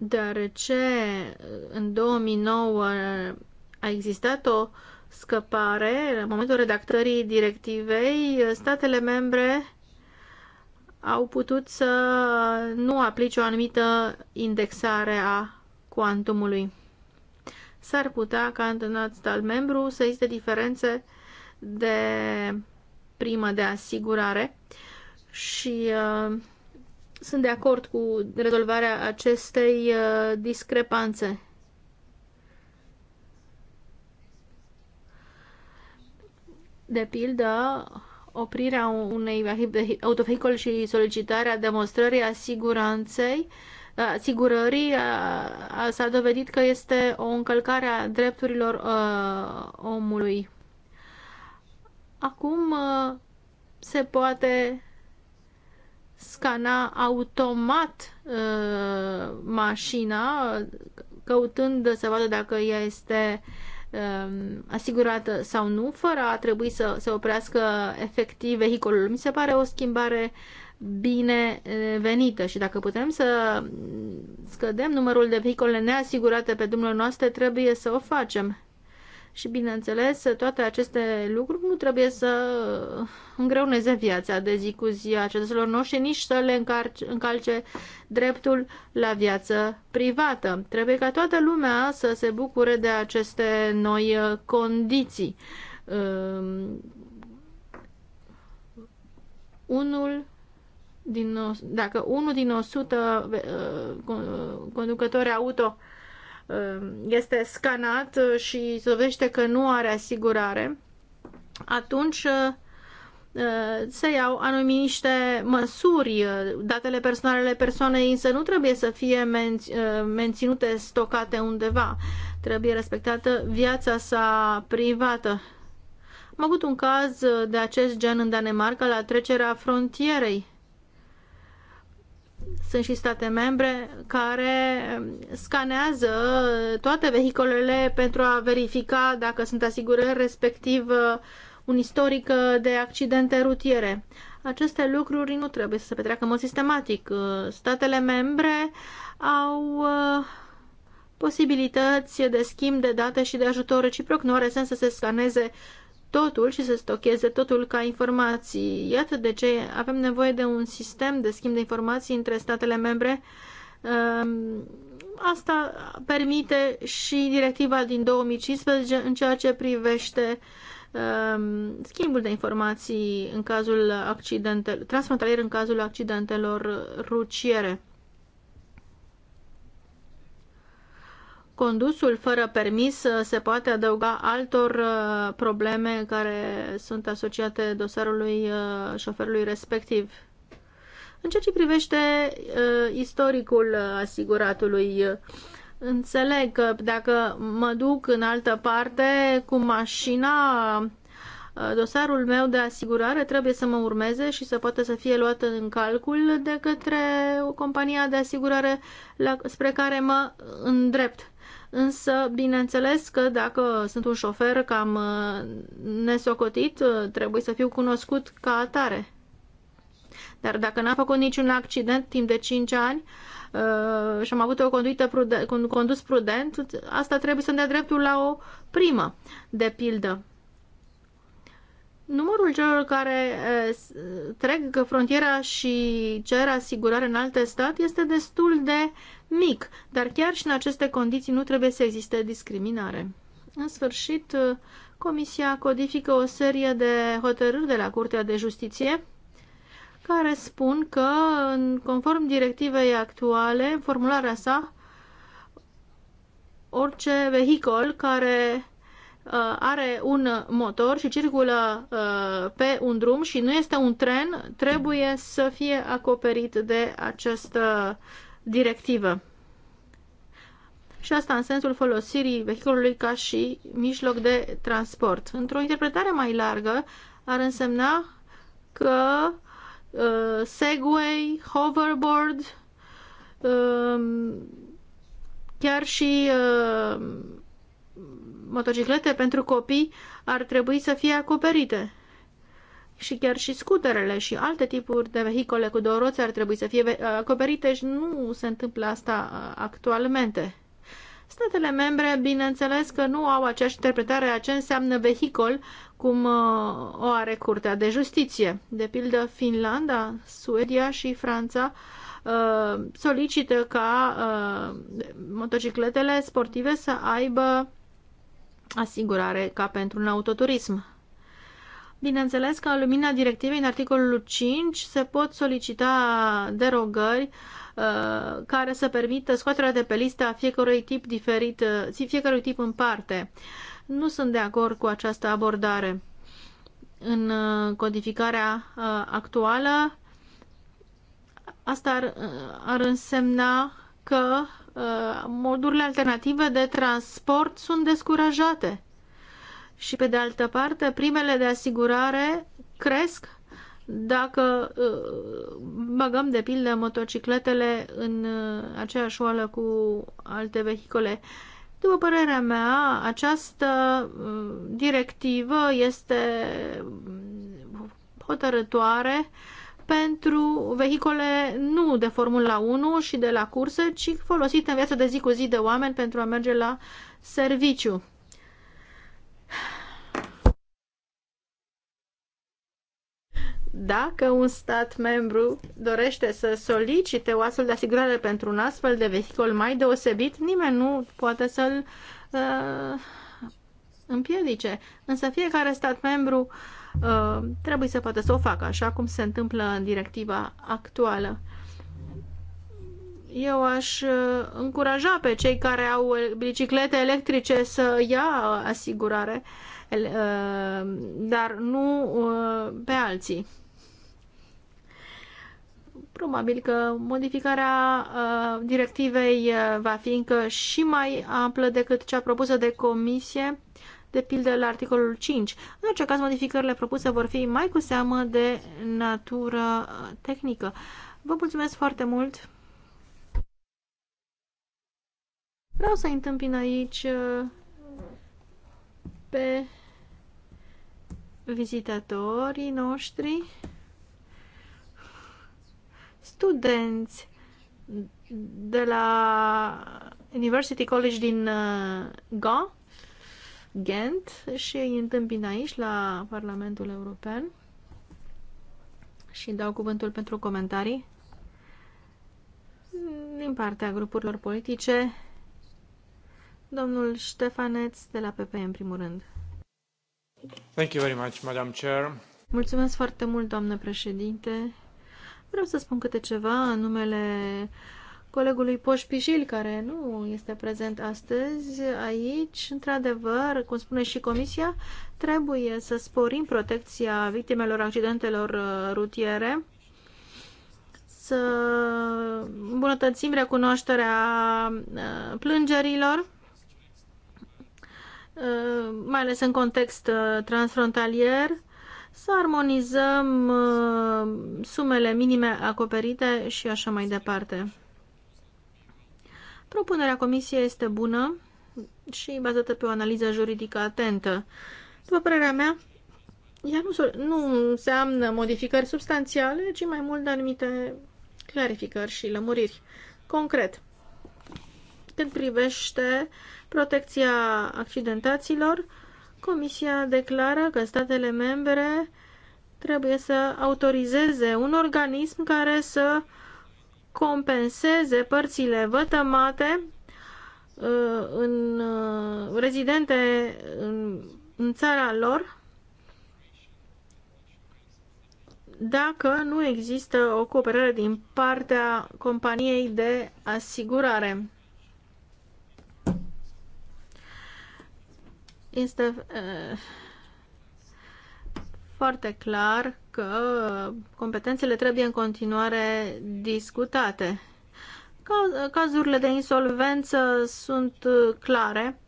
deoarece uh, în 2009 uh, a existat o scăpare, în momentul redactării directivei, uh, statele membre au putut să nu aplice o anumită indexare a cuantumului. S-ar putea ca într-un alt stat membru să existe diferențe de primă de asigurare și uh, sunt de acord cu rezolvarea acestei uh, discrepanțe. De pildă, oprirea unei autovehicol și solicitarea demonstrării asiguranței, uh, asigurării uh, s-a dovedit că este o încălcare a drepturilor uh, omului. Acum uh, se poate scana automat uh, mașina, căutând să vadă dacă ea este uh, asigurată sau nu, fără a trebui să se oprească efectiv vehiculul. Mi se pare o schimbare bine uh, venită și dacă putem să scădem numărul de vehicole neasigurate pe drumurile noastre, trebuie să o facem. Și, bineînțeles, toate aceste lucruri nu trebuie să îngreuneze viața de zi cu zi a cetățenilor noștri, nici să le încarce, încalce dreptul la viață privată. Trebuie ca toată lumea să se bucure de aceste noi uh, condiții. Um, unul din, dacă unul din 100 uh, conducători auto uh, Um, este scanat uh, și se dovedește că nu are asigurare, atunci uh, uh, se iau anumite măsuri. Datele personale ale persoanei însă nu trebuie să fie menținute, stocate undeva. Trebuie respectată viața sa privată. Am avut un caz de acest gen în Danemarca la trecerea frontierei sunt și state membre care scanează toate vehiculele pentru a verifica dacă sunt asigurări, respectiv un istoric de accidente rutiere. Aceste lucruri nu trebuie să se petreacă în mod sistematic. Statele membre au uh, posibilități de schimb de date și de ajutor reciproc. Nu are sens să se scaneze totul și să stocheze totul ca informații. Iată de ce avem nevoie de un sistem de schimb de informații între statele membre. Um, asta permite și directiva din 2015 în ceea ce privește um, schimbul de informații în cazul accidentelor, transfrontalier în cazul accidentelor ruciere. condusul fără permis uh, se poate adăuga altor uh, probleme care sunt asociate dosarului uh, șoferului respectiv. În ceea ce privește istoricul asiguratului, înțeleg că dacă mă duc în altă parte cu mașina, dosarul meu de asigurare trebuie să mă urmeze și să poată să fie luat în calcul de către o companie de asigurare spre care mă îndrept. Însă, bineînțeles că dacă sunt un șofer cam uh, nesocotit, uh, trebuie să fiu cunoscut ca atare. Dar dacă n-am făcut niciun accident timp de 5 ani uh, și am avut o conduită prudent, condus prudent, asta trebuie să ne dreptul la o primă, de pildă. Numărul celor care trec frontiera și cer asigurare în alte stat este destul de mic, dar chiar și în aceste condiții nu trebuie să existe discriminare. În sfârșit, Comisia codifică o serie de hotărâri de la Curtea de Justiție care spun că, conform directivei actuale, formularea sa, orice vehicol care Uh, are un motor și circulă uh, pe un drum și nu este un tren, trebuie să fie acoperit de această directivă. Și asta în sensul folosirii vehiculului ca și mijloc de transport. Într-o interpretare mai largă ar însemna că uh, Segway, hoverboard, uh, chiar și uh, motociclete pentru copii ar trebui să fie acoperite. Și chiar și scuterele și alte tipuri de vehicole cu două roți ar trebui să fie acoperite și nu se întâmplă asta actualmente. Statele membre, bineînțeles că nu au aceeași interpretare a ce înseamnă vehicol, cum o are Curtea de Justiție. De pildă, Finlanda, Suedia și Franța solicită ca motocicletele sportive să aibă asigurare ca pentru un autoturism. Bineînțeles că în lumina directivei, în articolul 5, se pot solicita derogări uh, care să permită scoaterea de pe listă a fiecărui tip diferit, uh, fiecărui tip în parte. Nu sunt de acord cu această abordare. În uh, codificarea uh, actuală, asta ar, uh, ar însemna că Uh, modurile alternative de transport sunt descurajate. Și pe de altă parte, primele de asigurare cresc dacă uh, băgăm de pildă motocicletele în uh, aceeași oală cu alte vehicole. După părerea mea, această directivă este mm, hotărătoare pentru vehicole nu de Formula 1 și de la curse, ci folosite în viața de zi cu zi de oameni pentru a merge la serviciu. Dacă un stat membru dorește să solicite o astfel de asigurare pentru un astfel de vehicul mai deosebit, nimeni nu poate să-l uh, împiedice. Însă fiecare stat membru uh, Uh, trebuie să poată să o facă, așa cum se întâmplă în directiva actuală. Eu aș uh, încuraja pe cei care au biciclete electrice să ia uh, asigurare, dar nu pe alții. Probabil că modificarea directivei va fi încă și mai amplă decât cea propusă de comisie de pildă la articolul 5. În orice caz, modificările propuse vor fi mai cu seamă de natură uh, tehnică. Vă mulțumesc foarte mult! Vreau să întâmpin aici uh, pe vizitatorii noștri, studenți de la University College din uh, Gaul, Ghent și îi întâmpin aici, la Parlamentul European. Și dau cuvântul pentru comentarii din partea grupurilor politice. Domnul Ștefaneț de la PP în primul rând. Thank you very much, Madam Chair. Mulțumesc foarte mult, doamnă președinte. Vreau să spun câte ceva în numele uh, colegului Pijil care nu este prezent astăzi aici. Într-adevăr, cum spune și Comisia, trebuie să sporim protecția victimelor accidentelor uh, rutiere, să îmbunătățim recunoașterea uh, plângerilor, uh, mai ales în context transfrontalier, să armonizăm sumele minime acoperite și așa mai departe. Propunerea comisiei este bună și bazată pe o analiză juridică atentă. După părerea mea, ea nu, nu înseamnă modificări substanțiale, ci mai mult de anumite clarificări și lămuriri. Concret, când privește protecția accidentaților, Comisia declară că statele membre trebuie să autorizeze un organism care să uh, compenseze părțile vătămate uh, în uh, rezidente în, în țara lor dacă nu există o cooperare din partea companiei de asigurare. Este uh, foarte clar că competențele trebuie în continuare discutate. Cazurile de insolvență sunt uh, clare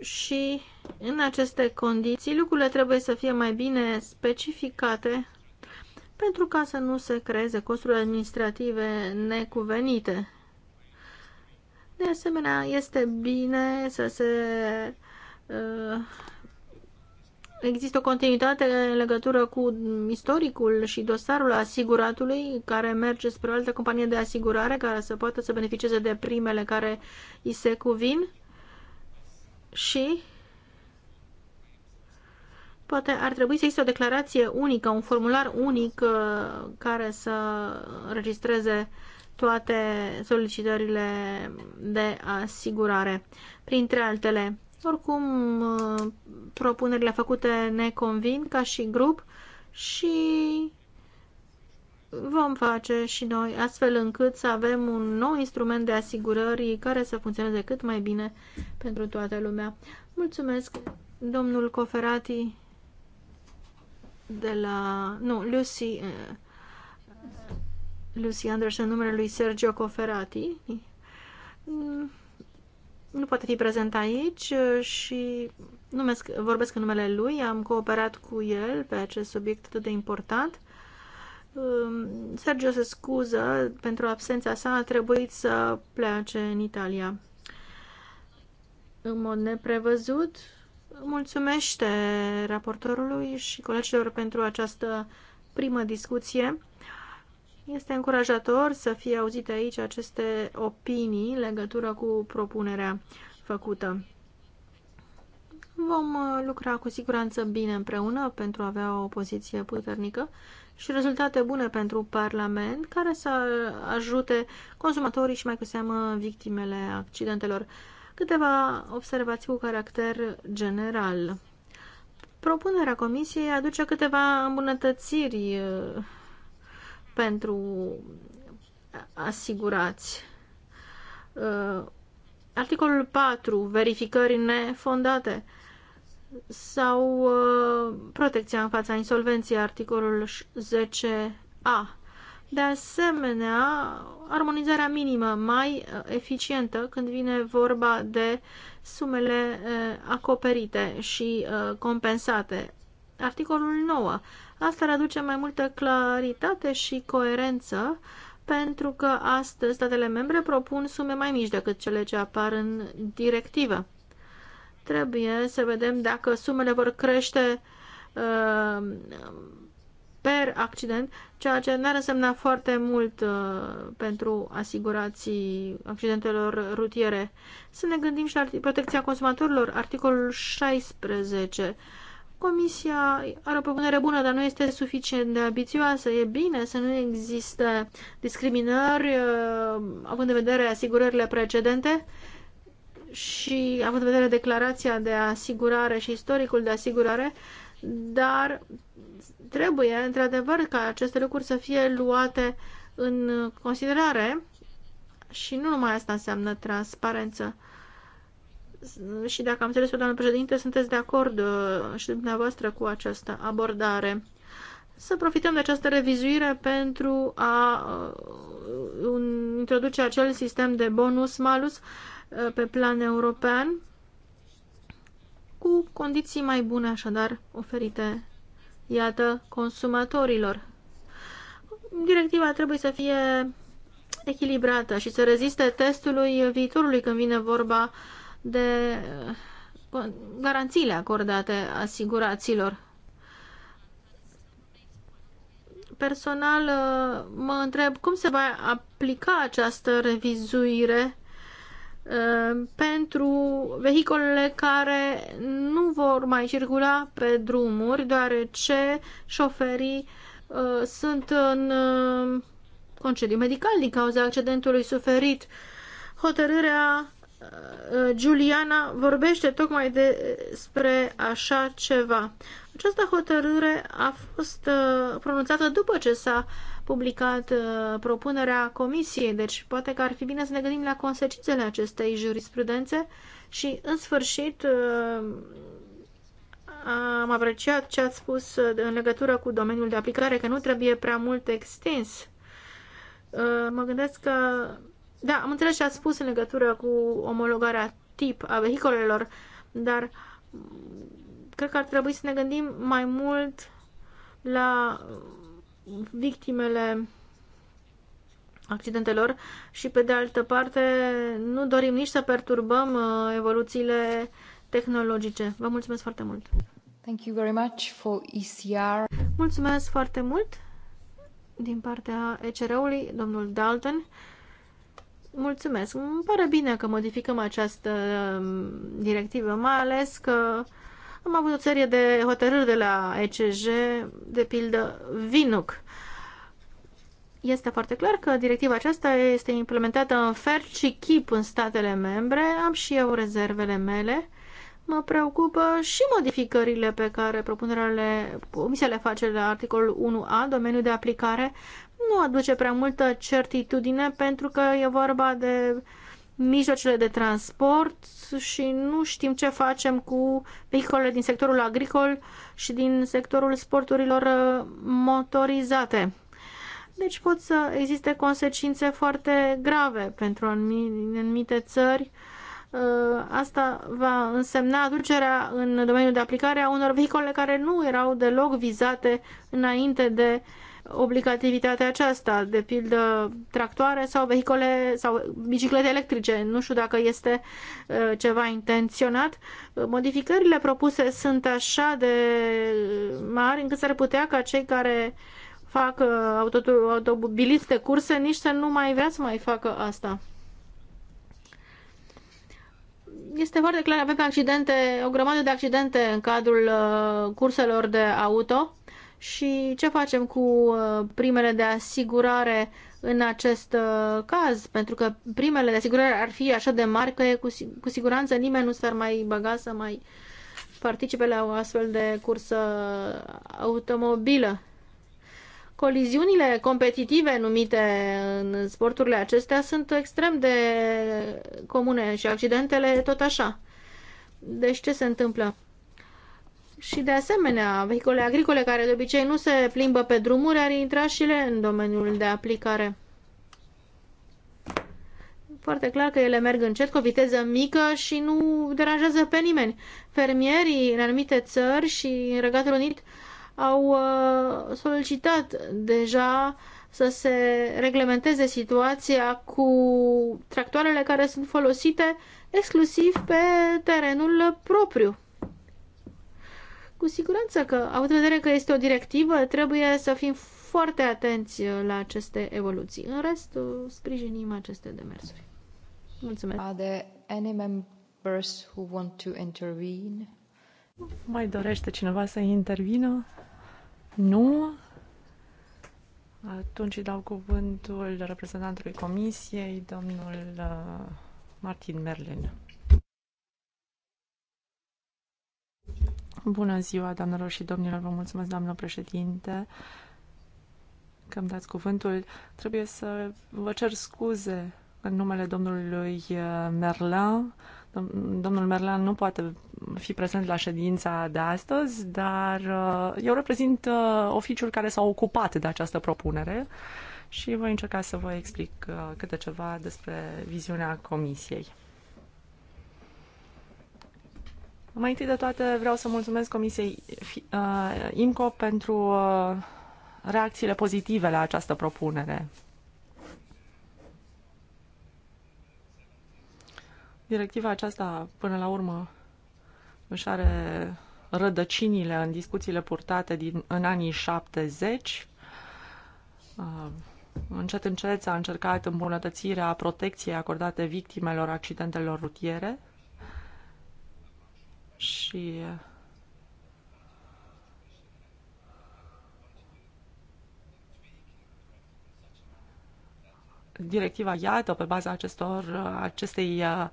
și în aceste condiții lucrurile trebuie să fie mai bine specificate pentru ca să nu se creeze costuri administrative necuvenite. De asemenea, este bine să se uh, Există o continuitate în legătură cu istoricul și dosarul asiguratului care merge spre o altă companie de asigurare care să poată să beneficieze de primele care îi se cuvin și poate ar trebui să existe o declarație unică, un formular unic uh, care să registreze toate solicitările de asigurare, printre altele. Oricum, uh, propunerile făcute ne convin ca și grup și vom face și noi astfel încât să avem un nou instrument de asigurări care să funcționeze cât mai bine pentru toată lumea. Mulțumesc, domnul Coferati de la... nu, Lucy... Uh, Lucy Anderson, numele lui Sergio Coferati. Mm, nu poate fi prezent aici uh, și numesc, vorbesc în numele lui, am cooperat cu el pe acest subiect atât de important. Um, Sergio se scuză pentru absența sa, a trebuit să plece în Italia. În mod neprevăzut, mulțumește raportorului și colegilor pentru această primă discuție este încurajator să fie auzite aici aceste opinii în legătură cu propunerea făcută. Vom uh, lucra cu siguranță bine împreună pentru a avea o poziție puternică și rezultate bune pentru Parlament, care să ajute consumatorii și mai cu seamă victimele accidentelor. Câteva observații cu caracter general. Propunerea Comisiei aduce câteva îmbunătățiri uh, pentru asigurați. Uh, articolul 4. Verificări nefondate sau uh, protecția în fața insolvenției, articolul 10a. De asemenea, armonizarea minimă mai uh, eficientă când vine vorba de sumele acoperite și compensate. Articolul 9. Asta ar aduce mai multă claritate și coerență pentru că astăzi statele membre propun sume mai mici decât cele ce apar în directivă. Trebuie să vedem dacă sumele vor crește uh, per accident, ceea ce n-ar însemna foarte mult uh, pentru asigurații accidentelor rutiere. Să ne gândim și la protecția consumatorilor, articolul 16 Comisia are o propunere bună, dar nu este suficient de ambițioasă. E bine să nu existe discriminări, uh, având în vedere asigurările precedente și având în vedere declarația de asigurare și istoricul de asigurare, dar trebuie, într-adevăr, ca aceste lucruri să fie luate în considerare și nu numai asta înseamnă transparență și dacă am înțeles-o, doamnă președinte, sunteți de acord uh, și dumneavoastră cu această abordare. Să profităm de această revizuire pentru a uh, introduce acel sistem de bonus-malus uh, pe plan european cu condiții mai bune, așadar, oferite, iată, consumatorilor. Directiva trebuie să fie echilibrată și să reziste testului viitorului când vine vorba uh, de uh, garanțiile acordate asiguraților. Personal uh, mă întreb cum se va aplica această revizuire uh, pentru vehicolele care nu vor mai circula pe drumuri, deoarece șoferii sunt în concediu medical din cauza accidentului suferit. Hotărârea Uh, Giuliana vorbește tocmai despre așa ceva. Această hotărâre a fost uh, pronunțată după ce s-a publicat uh, propunerea comisiei, deci poate că ar fi bine să ne gândim la consecințele acestei jurisprudențe și, în sfârșit, am apreciat ce ați spus în legătură cu domeniul de aplicare, că nu trebuie prea mult extins. Mă gândesc că da, am înțeles ce ați spus în legătură cu omologarea tip a vehicolelor, dar cred că ar trebui să ne gândim mai mult la victimele accidentelor și pe de altă parte nu dorim nici să perturbăm uh, evoluțiile tehnologice. Vă mulțumesc foarte mult! Thank you very much for ECR. Mulțumesc foarte mult din partea ECR-ului, domnul Dalton. Mulțumesc. Îmi pare bine că modificăm această um, directivă, mai ales că am avut o serie de hotărâri de la ECJ, de pildă VINUC. Este foarte clar că directiva aceasta este implementată în fer și chip în statele membre. Am și eu rezervele mele. Mă preocupă și modificările pe care propunerea le, comisia le face la articolul 1a, domeniul de aplicare, nu aduce prea multă certitudine pentru că e vorba de mijloacele de transport și nu știm ce facem cu vehiculele din sectorul agricol și din sectorul sporturilor uh, motorizate. Deci pot să existe consecințe foarte grave pentru anumite țări. Uh, asta va însemna aducerea în domeniul de aplicare a unor vehicole care nu erau deloc vizate înainte de uh, obligativitatea aceasta, de pildă tractoare sau vehicole sau biciclete electrice. Nu știu dacă este uh, ceva intenționat. Modificările propuse sunt așa de uh, mari încât s-ar putea ca cei care fac uh, automobiliți de curse nici să nu mai vrea să mai facă asta. Este foarte clar, avem accidente, o grămadă de accidente în cadrul curselor de auto și ce facem cu uh, primele de asigurare în acest uh, caz? Pentru că primele de asigurare ar fi așa de mari că cu, cu siguranță nimeni nu s-ar mai băga să mai participe la o astfel de cursă automobilă. Coliziunile competitive numite în sporturile acestea sunt extrem de comune și accidentele tot așa. Deci ce se întâmplă? și de asemenea vehicule agricole care de obicei nu se plimbă pe drumuri ar intra și ele în domeniul de aplicare. Foarte clar că ele merg încet, cu o viteză mică și nu deranjează pe nimeni. Fermierii în anumite țări și în Regatul Unit au uh, solicitat deja să se reglementeze situația cu tractoarele care sunt folosite exclusiv pe terenul propriu. Cu siguranță că, având în vedere că este o directivă, trebuie să fim foarte atenți uh, la aceste evoluții. În rest, uh, sprijinim aceste demersuri. Mulțumesc. Are there any members who want to intervene? Mai dorește cineva să intervină? Nu? Atunci dau cuvântul reprezentantului Comisiei, domnul uh, Martin Merlin. Bună ziua, doamnelor și domnilor, vă mulțumesc, doamnă președinte, că îmi dați cuvântul. Trebuie să vă cer scuze în numele domnului uh, Merlin. Domnul Merlin nu poate fi prezent la ședința de astăzi, dar uh, eu reprezint uh, oficiul care s-a ocupat de această propunere și voi încerca să vă explic câte ceva despre viziunea comisiei. Mai întâi de toate vreau să mulțumesc Comisiei uh, IMCO pentru uh, reacțiile pozitive la această propunere. Directiva aceasta, până la urmă, își are rădăcinile în discuțiile purtate din, în anii 70. Uh, încet, încet s-a încercat îmbunătățirea protecției acordate victimelor accidentelor rutiere și uh, directiva, iată, pe baza acestor, uh, acestei uh,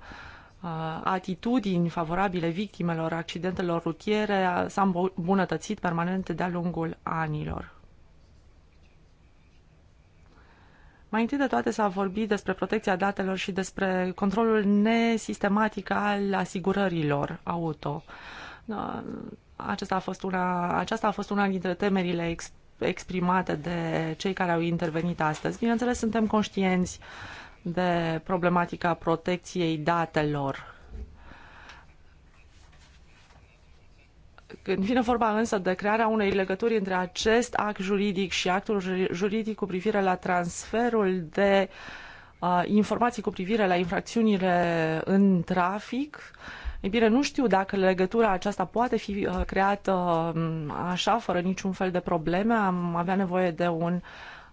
atitudini favorabile victimelor accidentelor rutiere s-a îmbunătățit permanent de-a lungul anilor. Mai întâi de toate s-a vorbit despre protecția datelor și despre controlul nesistematic al asigurărilor auto. Da, acesta a fost una, aceasta a fost una dintre temerile ex, exprimate de cei care au intervenit astăzi. Bineînțeles, suntem conștienți de problematica protecției datelor Când vine vorba însă de crearea unei legături între acest act juridic și actul juridic cu privire la transferul de uh, informații cu privire la infracțiunile în trafic, ei bine, nu știu dacă legătura aceasta poate fi uh, creată um, așa, fără niciun fel de probleme. Am avea nevoie de un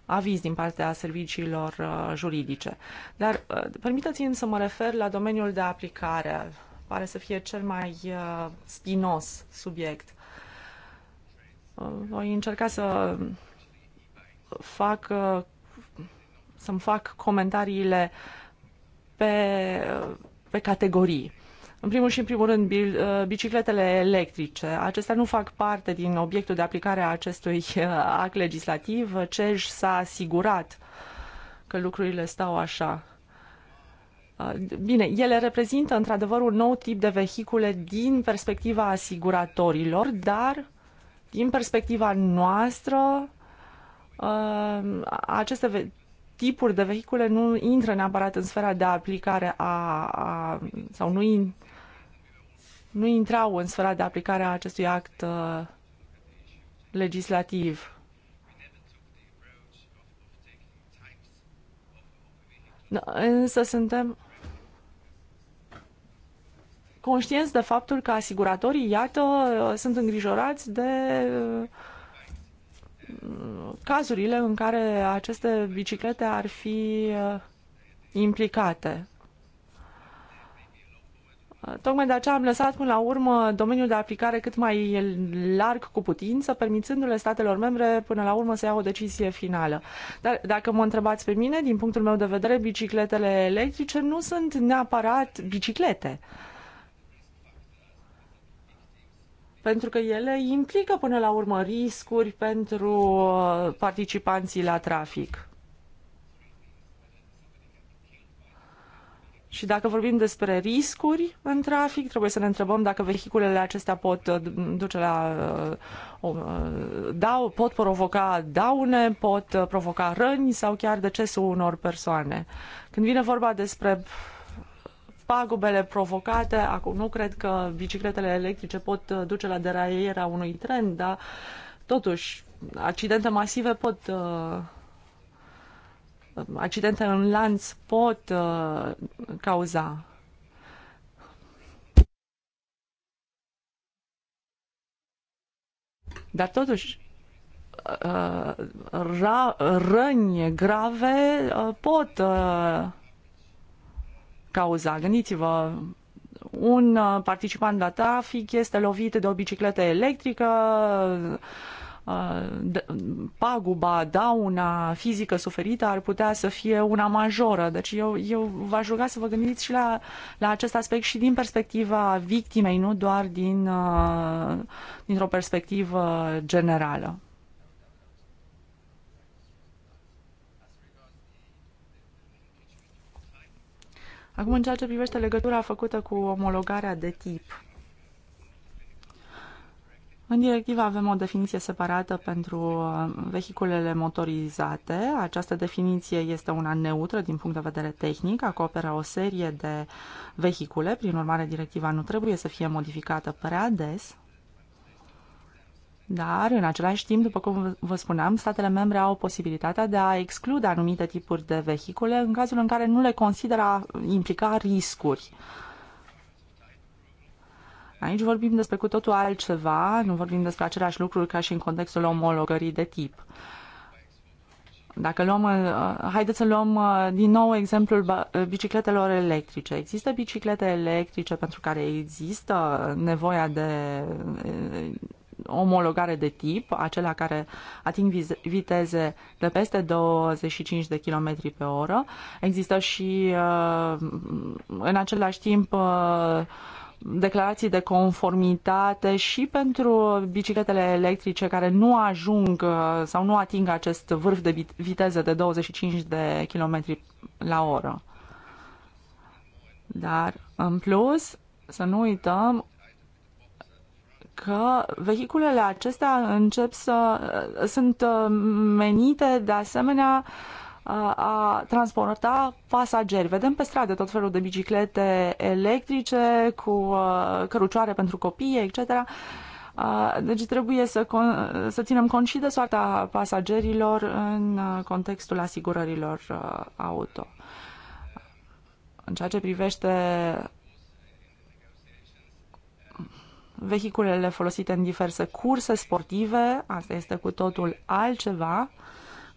aviz din partea serviciilor uh, juridice. Dar uh, permiteți-mi să mă refer la domeniul de aplicare pare să fie cel mai uh, spinos subiect. Uh, voi încerca să fac uh, să-mi fac comentariile pe, pe categorii. În primul și în primul rând, bicicletele electrice. Acestea nu fac parte din obiectul de aplicare a acestui act legislativ. CEJ s-a asigurat că lucrurile stau așa. Uh, bine, ele reprezintă într-adevăr un nou tip de vehicule din perspectiva asiguratorilor, dar din perspectiva noastră, uh, aceste tipuri de vehicule nu intră neapărat în sfera de aplicare a, a sau nu, in, nu intrau în sfera de aplicare a acestui act uh, legislativ. Da, însă suntem conștienți de faptul că asiguratorii, iată, sunt îngrijorați de uh, cazurile în care aceste biciclete ar fi uh, implicate. Uh, tocmai de aceea am lăsat până la urmă domeniul de aplicare cât mai larg cu putință, permițându-le statelor membre până la urmă să ia o decizie finală. Dar dacă mă întrebați pe mine, din punctul meu de vedere, bicicletele electrice nu sunt neapărat biciclete. Pentru că ele implică până la urmă riscuri pentru uh, participanții la trafic. Și dacă vorbim despre riscuri în trafic, trebuie să ne întrebăm dacă vehiculele acestea pot uh, duce la da, pot provoca daune, pot provoca răni sau chiar decesul unor persoane. Când vine vorba despre pagubele provocate, acum nu cred că bicicletele electrice pot duce la deraierea unui tren, dar totuși accidente masive pot accidente în lanț pot uh, cauza. Dar totuși, uh, uh, ra, răni grave uh, pot uh, cauza. Gândiți-vă, un uh, participant la trafic este lovit de o bicicletă electrică, uh, paguba, dauna fizică suferită ar putea să fie una majoră. Deci eu, eu v-aș ruga să vă gândiți și la, la acest aspect și din perspectiva victimei, nu doar din, uh, dintr-o perspectivă generală. Acum, în ceea ce privește legătura făcută cu omologarea de tip, în directivă avem o definiție separată pentru uh, vehiculele motorizate. Această definiție este una neutră din punct de vedere tehnic, acoperă o serie de vehicule, prin urmare directiva nu trebuie să fie modificată prea des. Dar, în același timp, după cum vă spuneam, statele membre au posibilitatea de a exclude anumite tipuri de vehicule în cazul în care nu le consideră implica riscuri. Uh, Aici vorbim despre cu totul altceva, nu vorbim despre același lucru ca și în contextul omologării de tip. Dacă luăm, uh, haideți să luăm uh, din nou exemplul uh, bicicletelor electrice. Există biciclete electrice pentru care există nevoia de omologare de tip, acelea care ating viteze de peste 25 de km pe oră. Există și în același timp declarații de conformitate și pentru bicicletele electrice care nu ajung uh, sau nu ating acest vârf de viteză de 25 de km la oră. Dar, în plus, să nu uităm că vehiculele acestea încep să uh, sunt uh, menite de asemenea uh, a transporta pasageri. Vedem pe stradă tot felul de biciclete electrice cu uh, cărucioare pentru copii, etc. Deci trebuie să, să ținem cont și de soarta pasagerilor în uh, contextul asigurărilor uh, auto. În ceea ce privește vehiculele folosite în diverse curse sportive, asta este cu totul altceva,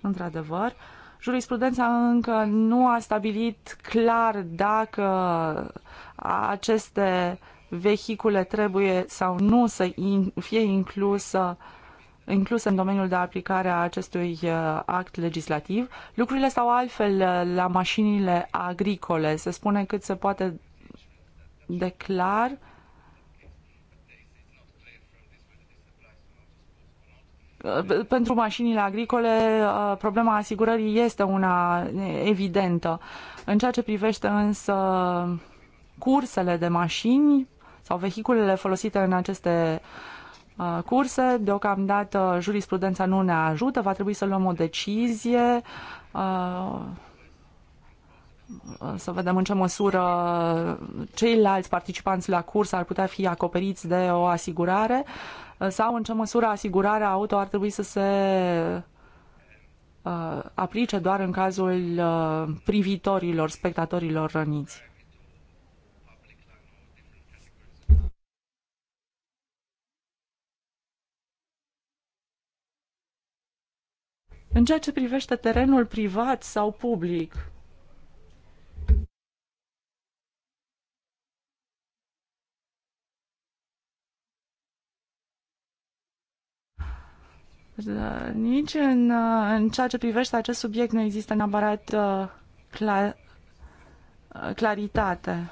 într-adevăr. Uh, Jurisprudența încă nu a stabilit clar dacă aceste vehicule trebuie sau nu să fie inclusă incluse în domeniul de aplicare a acestui uh, act legislativ. Lucrurile stau altfel uh, la mașinile agricole. Se spune cât se poate de clar pentru mașinile agricole, uh, problema asigurării este una evidentă. În ceea ce privește însă cursele de mașini sau vehiculele folosite în aceste uh, curse, deocamdată jurisprudența nu ne ajută, va trebui să luăm o decizie uh, să vedem în ce măsură ceilalți participanți la curs ar putea fi acoperiți de o asigurare sau în ce măsură asigurarea auto ar trebui să se uh, aplice doar în cazul uh, privitorilor, spectatorilor răniți. În ceea ce privește terenul privat sau public, Nici în, în ceea ce privește acest subiect nu există neapărat uh, uh claritate.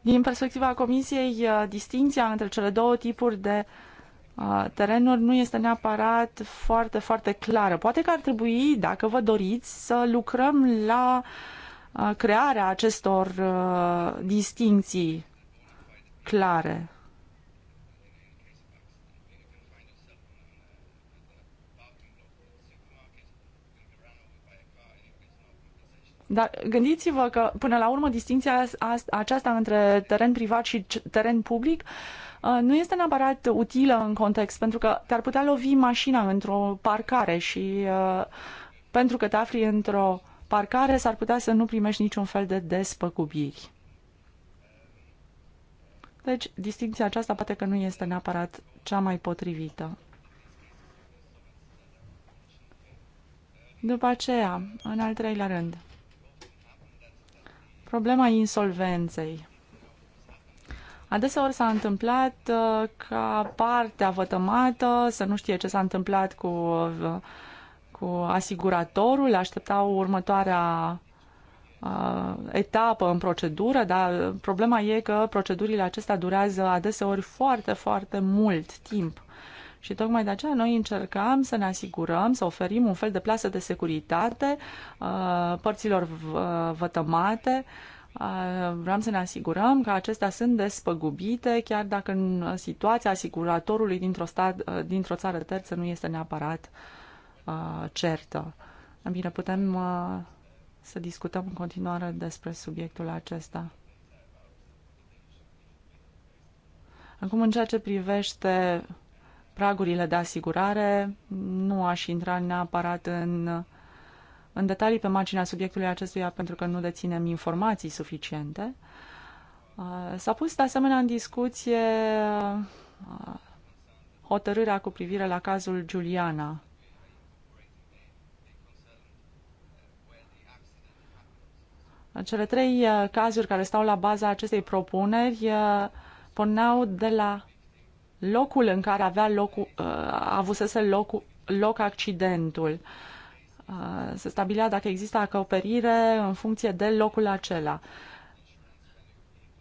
Din perspectiva Comisiei, uh, distinția între cele două tipuri de uh, terenuri nu este neapărat foarte, foarte clară. Poate că ar trebui, dacă vă doriți, să lucrăm la uh, crearea acestor distinții clare. Dar gândiți-vă că, până la urmă, distinția aceasta între teren privat și teren public nu este neapărat utilă în context, pentru că te-ar putea lovi mașina într-o parcare și pentru că te afli într-o uh, parcare, s-ar putea să nu primești niciun fel de despăgubiri. Deci, distinția aceasta poate că nu este neapărat cea mai potrivită. După aceea, în al treilea rând, problema insolvenței. Adeseori s-a întâmplat uh, ca partea vătămată să nu știe ce s-a întâmplat cu uh, cu asiguratorul, așteptau următoarea etapă în procedură, dar problema e că procedurile acestea durează adeseori foarte, foarte mult timp. Și tocmai de aceea noi încercam să ne asigurăm, să oferim un fel de plasă de securitate părților vătămate. Vreau să ne asigurăm că acestea sunt despăgubite, chiar dacă în situația asiguratorului dintr-o, stat, dintr-o țară terță nu este neapărat uh, uh, certă. Bine, putem uh, să discutăm în continuare despre subiectul acesta. Acum, în ceea ce privește pragurile de asigurare, nu aș intra neapărat în, în detalii pe marginea subiectului acestuia pentru că nu deținem informații suficiente. Uh, s-a pus de asemenea în discuție uh, hotărârea cu privire la cazul Giuliana. Cele trei uh, cazuri care stau la baza acestei propuneri uh, porneau de la locul în care avea locul, uh, avusese loc, loc accidentul. Se stabilea dacă există acoperire în funcție de locul acela.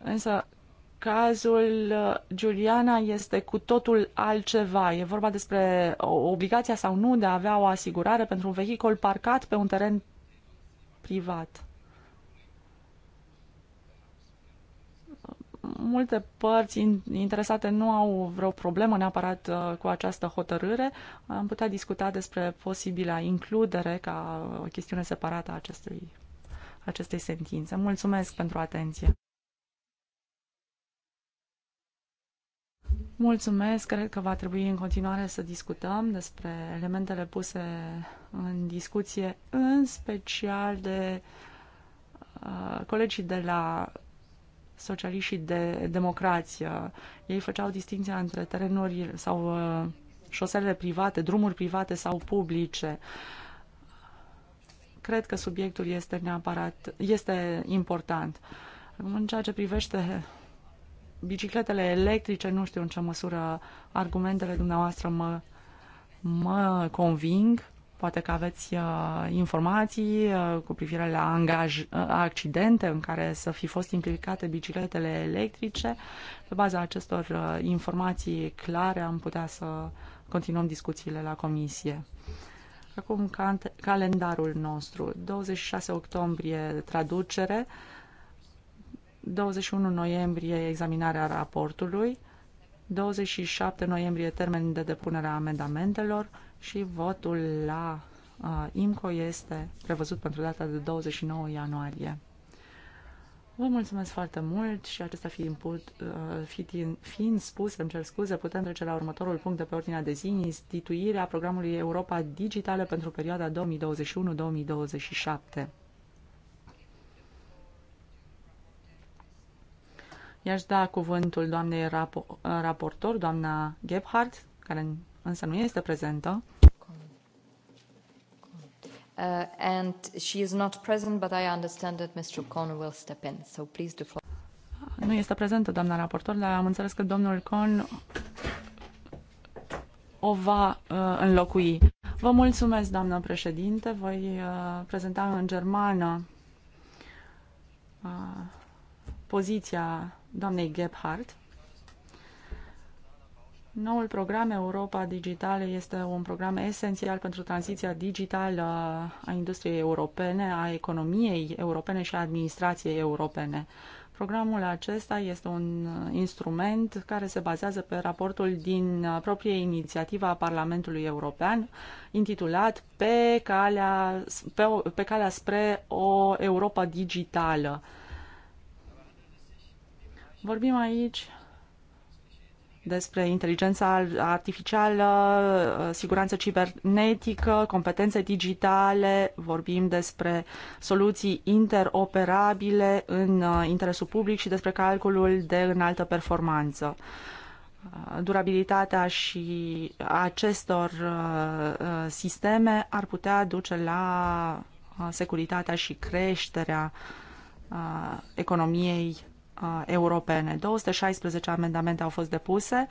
Însă cazul Giuliana este cu totul altceva. E vorba despre obligația sau nu de a avea o asigurare pentru un vehicol parcat pe un teren privat. multe părți interesate nu au vreo problemă neapărat uh, cu această hotărâre. Am putea discuta despre posibila includere ca o chestiune separată a acestui, acestei sentințe. Mulțumesc pentru atenție. Mulțumesc, cred că va trebui în continuare să discutăm despre elementele puse în discuție, în special de uh, colegii de la socialiști și de democrați. Uh, ei făceau distinția între terenuri sau uh, șosele private, drumuri private sau publice. Cred că subiectul este neapărat, este important. În ceea ce privește bicicletele electrice, nu știu în ce măsură argumentele dumneavoastră mă, mă conving. Poate că aveți uh, informații uh, cu privire la angaj, uh, accidente în care să fi fost implicate bicicletele electrice. Pe baza acestor uh, informații clare am putea să continuăm discuțiile la comisie. Acum calendarul nostru. 26 octombrie traducere, 21 noiembrie examinarea raportului, 27 noiembrie termen de depunere a amendamentelor, și votul la uh, IMCO este prevăzut pentru data de 29 ianuarie. Vă mulțumesc foarte mult și acesta uh, fiind, put, fiind, fiind spus, îmi cer scuze, putem trece la următorul punct de pe ordinea de zi, instituirea programului Europa Digitală pentru perioada 2021-2027. I-aș da cuvântul doamnei rapo- raportor, doamna Gebhardt, care însă nu este prezentă. Uh, and she is not present, but I understand that Mr. Cohn will step in. So please do follow. Nu este prezentă doamna raportor, dar am înțeles că domnul Cohn o va uh, înlocui. Vă mulțumesc, doamnă președinte. Voi uh, prezenta în germană uh, poziția doamnei Gebhardt. Noul program Europa Digitală este un program esențial pentru tranziția digitală a industriei europene, a economiei europene și a administrației europene. Programul acesta este un instrument care se bazează pe raportul din proprie inițiativă a Parlamentului European, intitulat Pe calea, pe, pe calea spre o Europa digitală. Vorbim aici despre inteligența artificială, uh, siguranță cibernetică, competențe digitale, vorbim despre soluții interoperabile în uh, interesul public și despre calculul de înaltă performanță. Uh, durabilitatea și acestor sisteme ar putea duce la securitatea și creșterea economiei europene. 216 amendamente au fost depuse.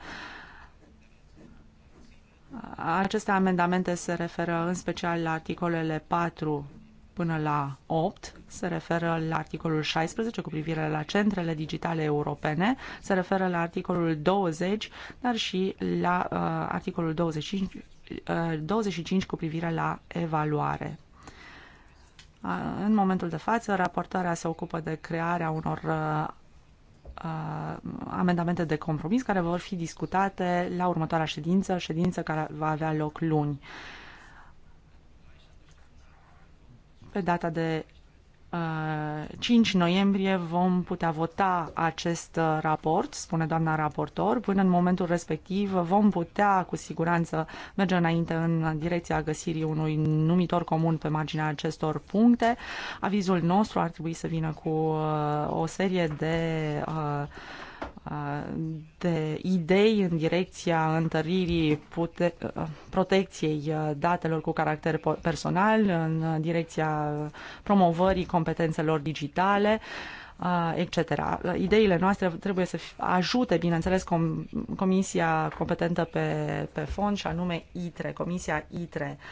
Aceste amendamente se referă în special la articolele 4 până la 8, se referă la articolul 16 cu privire la centrele digitale europene, se referă la articolul 20, dar și la uh, articolul 25, uh, 25 cu privire la evaluare. Uh, în momentul de față, raportarea se ocupă de crearea unor uh, Uh, amendamente de compromis care vor fi discutate la următoarea ședință, ședință care va avea loc luni. Pe data de 5 uh, noiembrie vom putea vota acest uh, raport, spune doamna raportor. Până în momentul respectiv vom putea cu siguranță merge înainte în direcția găsirii unui numitor comun pe marginea acestor puncte. Avizul nostru ar trebui să vină cu uh, o serie de de idei în direcția întăririi pute- protecției uh, datelor cu caracter personal, în direcția promovării competențelor digitale, uh, etc. Ideile noastre trebuie să ajute, bineînțeles, com- comisia competentă pe, pe fond, și anume ITRE, Comisia ITRE. Uh,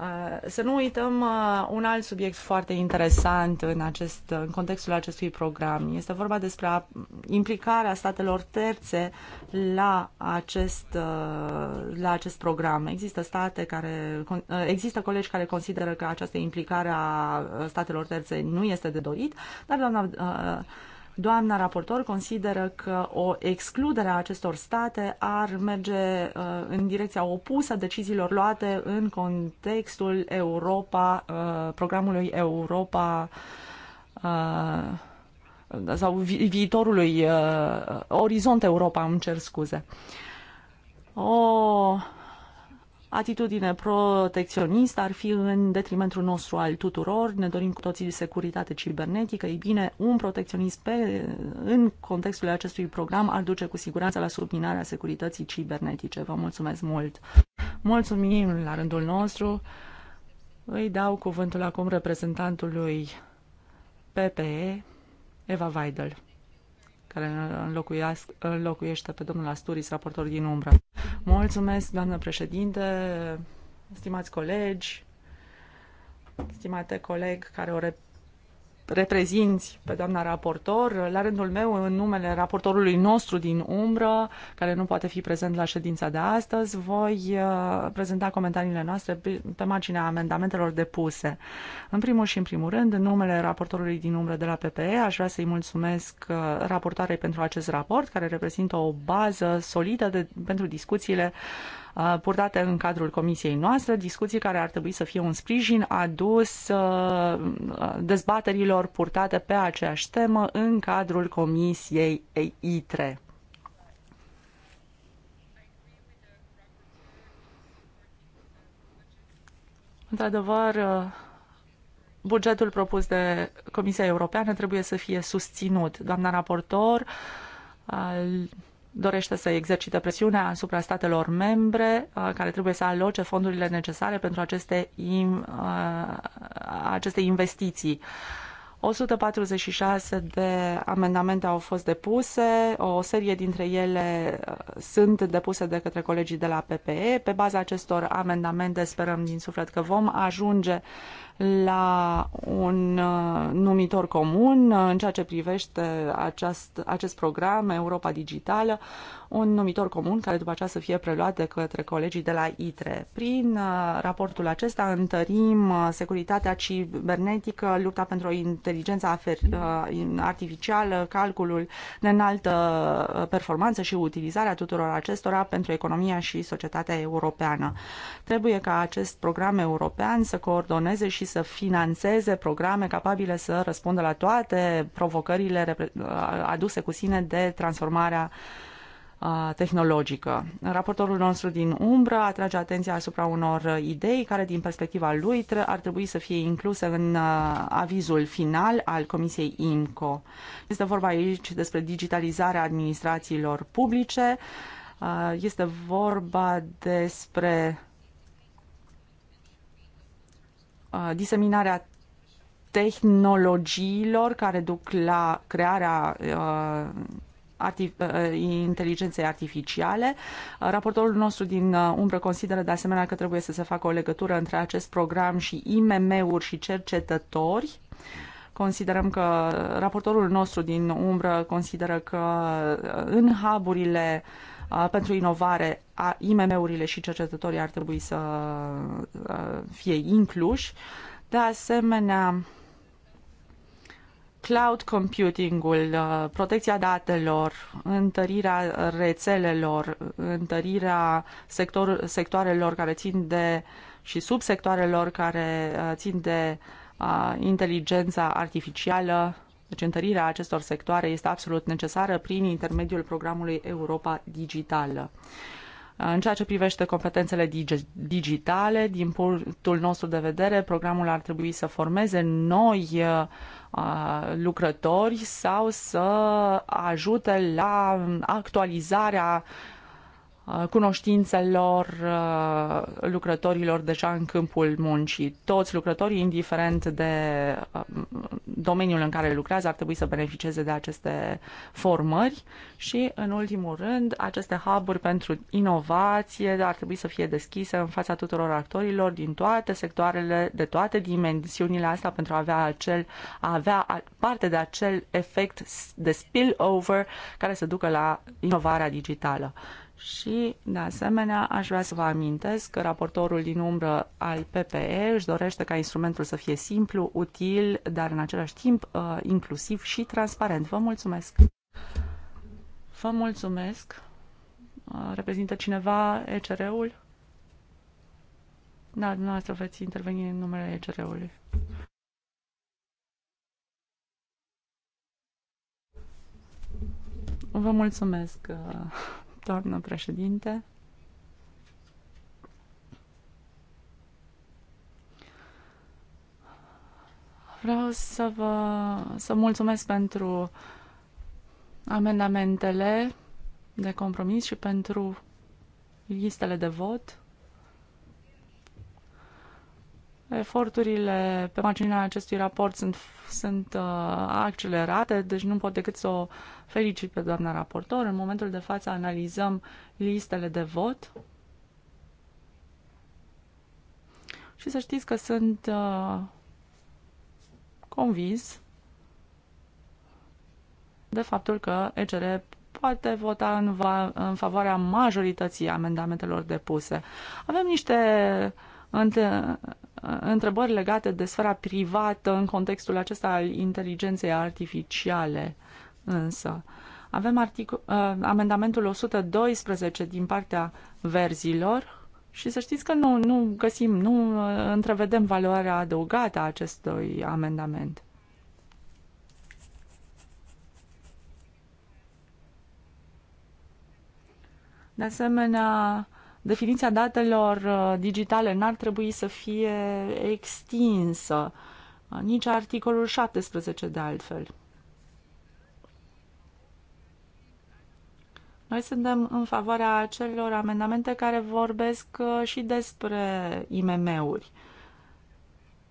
Uh, să nu uităm uh, un alt subiect foarte interesant în, acest, uh, în contextul acestui program. Este vorba despre implicarea statelor terțe la acest, la acest program. Există state care, există colegi care consideră că această implicare a statelor terțe nu este de dorit, dar doamna Doamna raportor consideră că o excludere a acestor state ar merge uh, în direcția opusă deciziilor luate în contextul Europa, uh, programului Europa uh, sau viitorului Orizont Europa, îmi cer scuze. O atitudine protecționistă ar fi în detrimentul nostru al tuturor. Ne dorim cu toții securitate cibernetică. Ei bine, un protecționist pe, în contextul acestui program ar duce cu siguranță la subminarea securității cibernetice. Vă mulțumesc mult! Mulțumim la rândul nostru. Îi dau cuvântul acum reprezentantului PPE, Eva Weidel care locuiește pe domnul Asturis, raportor din umbră. Mulțumesc, doamnă președinte, stimați colegi, stimate coleg care o rep- reprezinți pe doamna raportor, la rândul meu, în numele raportorului nostru din umbră, care nu poate fi prezent la ședința de astăzi, voi uh, prezenta comentariile noastre pe marginea amendamentelor depuse. În primul și în primul rând, în numele raportorului din umbră de la PPE, aș vrea să-i mulțumesc uh, raportarei pentru acest raport, care reprezintă o bază solidă de, pentru discuțiile Uh, purtate în cadrul comisiei noastre, discuții care ar trebui să fie un sprijin adus uh, uh, dezbaterilor purtate pe aceeași temă în cadrul comisiei ITRE. Într-adevăr, bugetul propus de Comisia Europeană trebuie să fie susținut. Doamna raportor dorește să exercite presiunea asupra statelor membre uh, care trebuie să aloce fondurile necesare pentru aceste, uh, aceste investiții. 146 de amendamente au fost depuse, o serie dintre ele uh, sunt depuse de către colegii de la PPE. Pe baza acestor amendamente sperăm din suflet că vom ajunge la un uh, numitor comun uh, în ceea ce privește acest, acest program Europa Digitală, un numitor comun care după aceea să fie preluat de către colegii de la ITRE. Prin uh, raportul acesta întărim securitatea cibernetică, lupta pentru inteligența artificială, calculul de înaltă performanță și utilizarea tuturor acestora pentru economia și societatea europeană. Trebuie ca acest program european să coordoneze și să financeze programe capabile să răspundă la toate provocările aduse cu sine de transformarea tehnologică. Raportorul nostru din umbră atrage atenția asupra unor idei care, din perspectiva lui, ar trebui să fie incluse în avizul final al Comisiei IMCO. Este vorba aici despre digitalizarea administrațiilor publice, este vorba despre Uh, diseminarea tehnologiilor care duc la crearea uh, arti uh, inteligenței artificiale. Raportorul nostru din umbră consideră de asemenea că trebuie să se facă o legătură între acest program și IMM-uri și cercetători. Considerăm că raportorul nostru din umbră consideră că în hub-urile uh, pentru inovare, IMM-urile și cercetătorii ar trebui să fie incluși. De asemenea, cloud computing-ul, protecția datelor, întărirea rețelelor, întărirea sector, sectoarelor care țin de și subsectoarelor care țin de uh, inteligența artificială, deci întărirea acestor sectoare este absolut necesară prin intermediul programului Europa Digitală. În ceea ce privește competențele digitale, din punctul nostru de vedere, programul ar trebui să formeze noi uh, lucrători sau să ajute la actualizarea cunoștințelor lucrătorilor deja în câmpul muncii. Toți lucrătorii, indiferent de domeniul în care lucrează, ar trebui să beneficieze de aceste formări și, în ultimul rând, aceste hub-uri pentru inovație ar trebui să fie deschise în fața tuturor actorilor din toate sectoarele, de toate dimensiunile astea pentru a avea, acel, a avea parte de acel efect de spillover care se ducă la inovarea digitală. Și, de asemenea, aș vrea să vă amintesc că raportorul din umbră al PPE își dorește ca instrumentul să fie simplu, util, dar în același timp uh, inclusiv și transparent. Vă mulțumesc! Vă mulțumesc! Uh, reprezintă cineva ECR-ul? Da, dumneavoastră veți interveni în numele ECR-ului. Vă mulțumesc! Uh, doamnă președinte. Vreau să vă să mulțumesc pentru amendamentele de compromis și pentru listele de vot. Eforturile pe marginea acestui raport sunt, sunt uh, accelerate, deci nu pot decât să o felicit pe doamna raportor. În momentul de față analizăm listele de vot și să știți că sunt uh, convins de faptul că ECR poate vota în, va, în favoarea majorității amendamentelor depuse. Avem niște între, Uh, întrebări legate de sfera privată în contextul acesta al inteligenței artificiale însă. Avem artic- uh, amendamentul 112 din partea verzilor și să știți că nu, nu găsim, nu uh, întrevedem valoarea adăugată a acestui amendament. De asemenea, definiția datelor uh, digitale n-ar trebui să fie extinsă, nici articolul 17 de altfel. Noi suntem în favoarea acelor amendamente care vorbesc uh, și despre IMM-uri.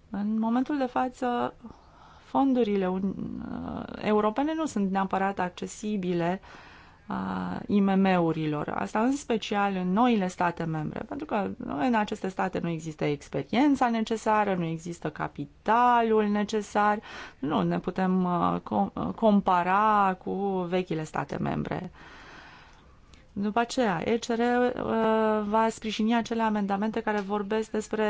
În momentul de față, fondurile uh, europene nu sunt neapărat accesibile uh, IMM-urilor. Asta în special în noile state membre, pentru că în aceste state nu există experiența necesară, nu există capitalul necesar, nu ne putem uh, uh, compara cu vechile state membre. După aceea, ECR uh, va sprijini acele amendamente care vorbesc despre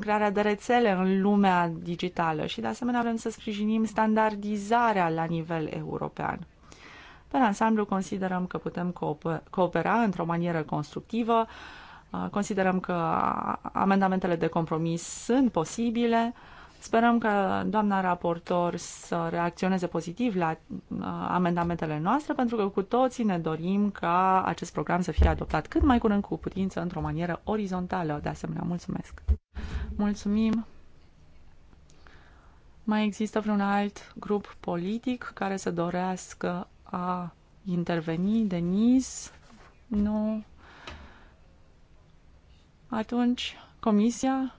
crearea de rețele în lumea digitală și, de asemenea, vrem să sprijinim standardizarea la nivel european. În ansamblu considerăm că putem coopera într-o manieră constructivă, uh, considerăm că amendamentele de compromis sunt posibile, Sperăm că doamna raportor să reacționeze pozitiv la uh, amendamentele noastre, pentru că cu toții ne dorim ca acest program să fie adoptat cât mai curând cu putință, într-o manieră orizontală. De asemenea, mulțumesc! Mulțumim! Mai există vreun alt grup politic care să dorească a interveni, Denis? Nu. Atunci, comisia?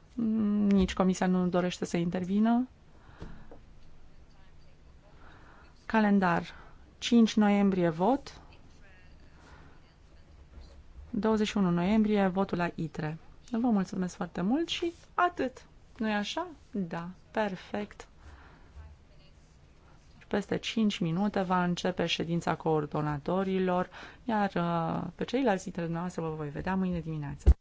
Nici comisia nu dorește să intervină. Calendar. 5 noiembrie vot. 21 noiembrie votul la ITRE. Vă mulțumesc foarte mult și atât. nu i așa? Da, perfect. Peste 5 minute va începe ședința coordonatorilor, iar uh, pe ceilalți dintre noastre vă voi vedea mâine dimineață.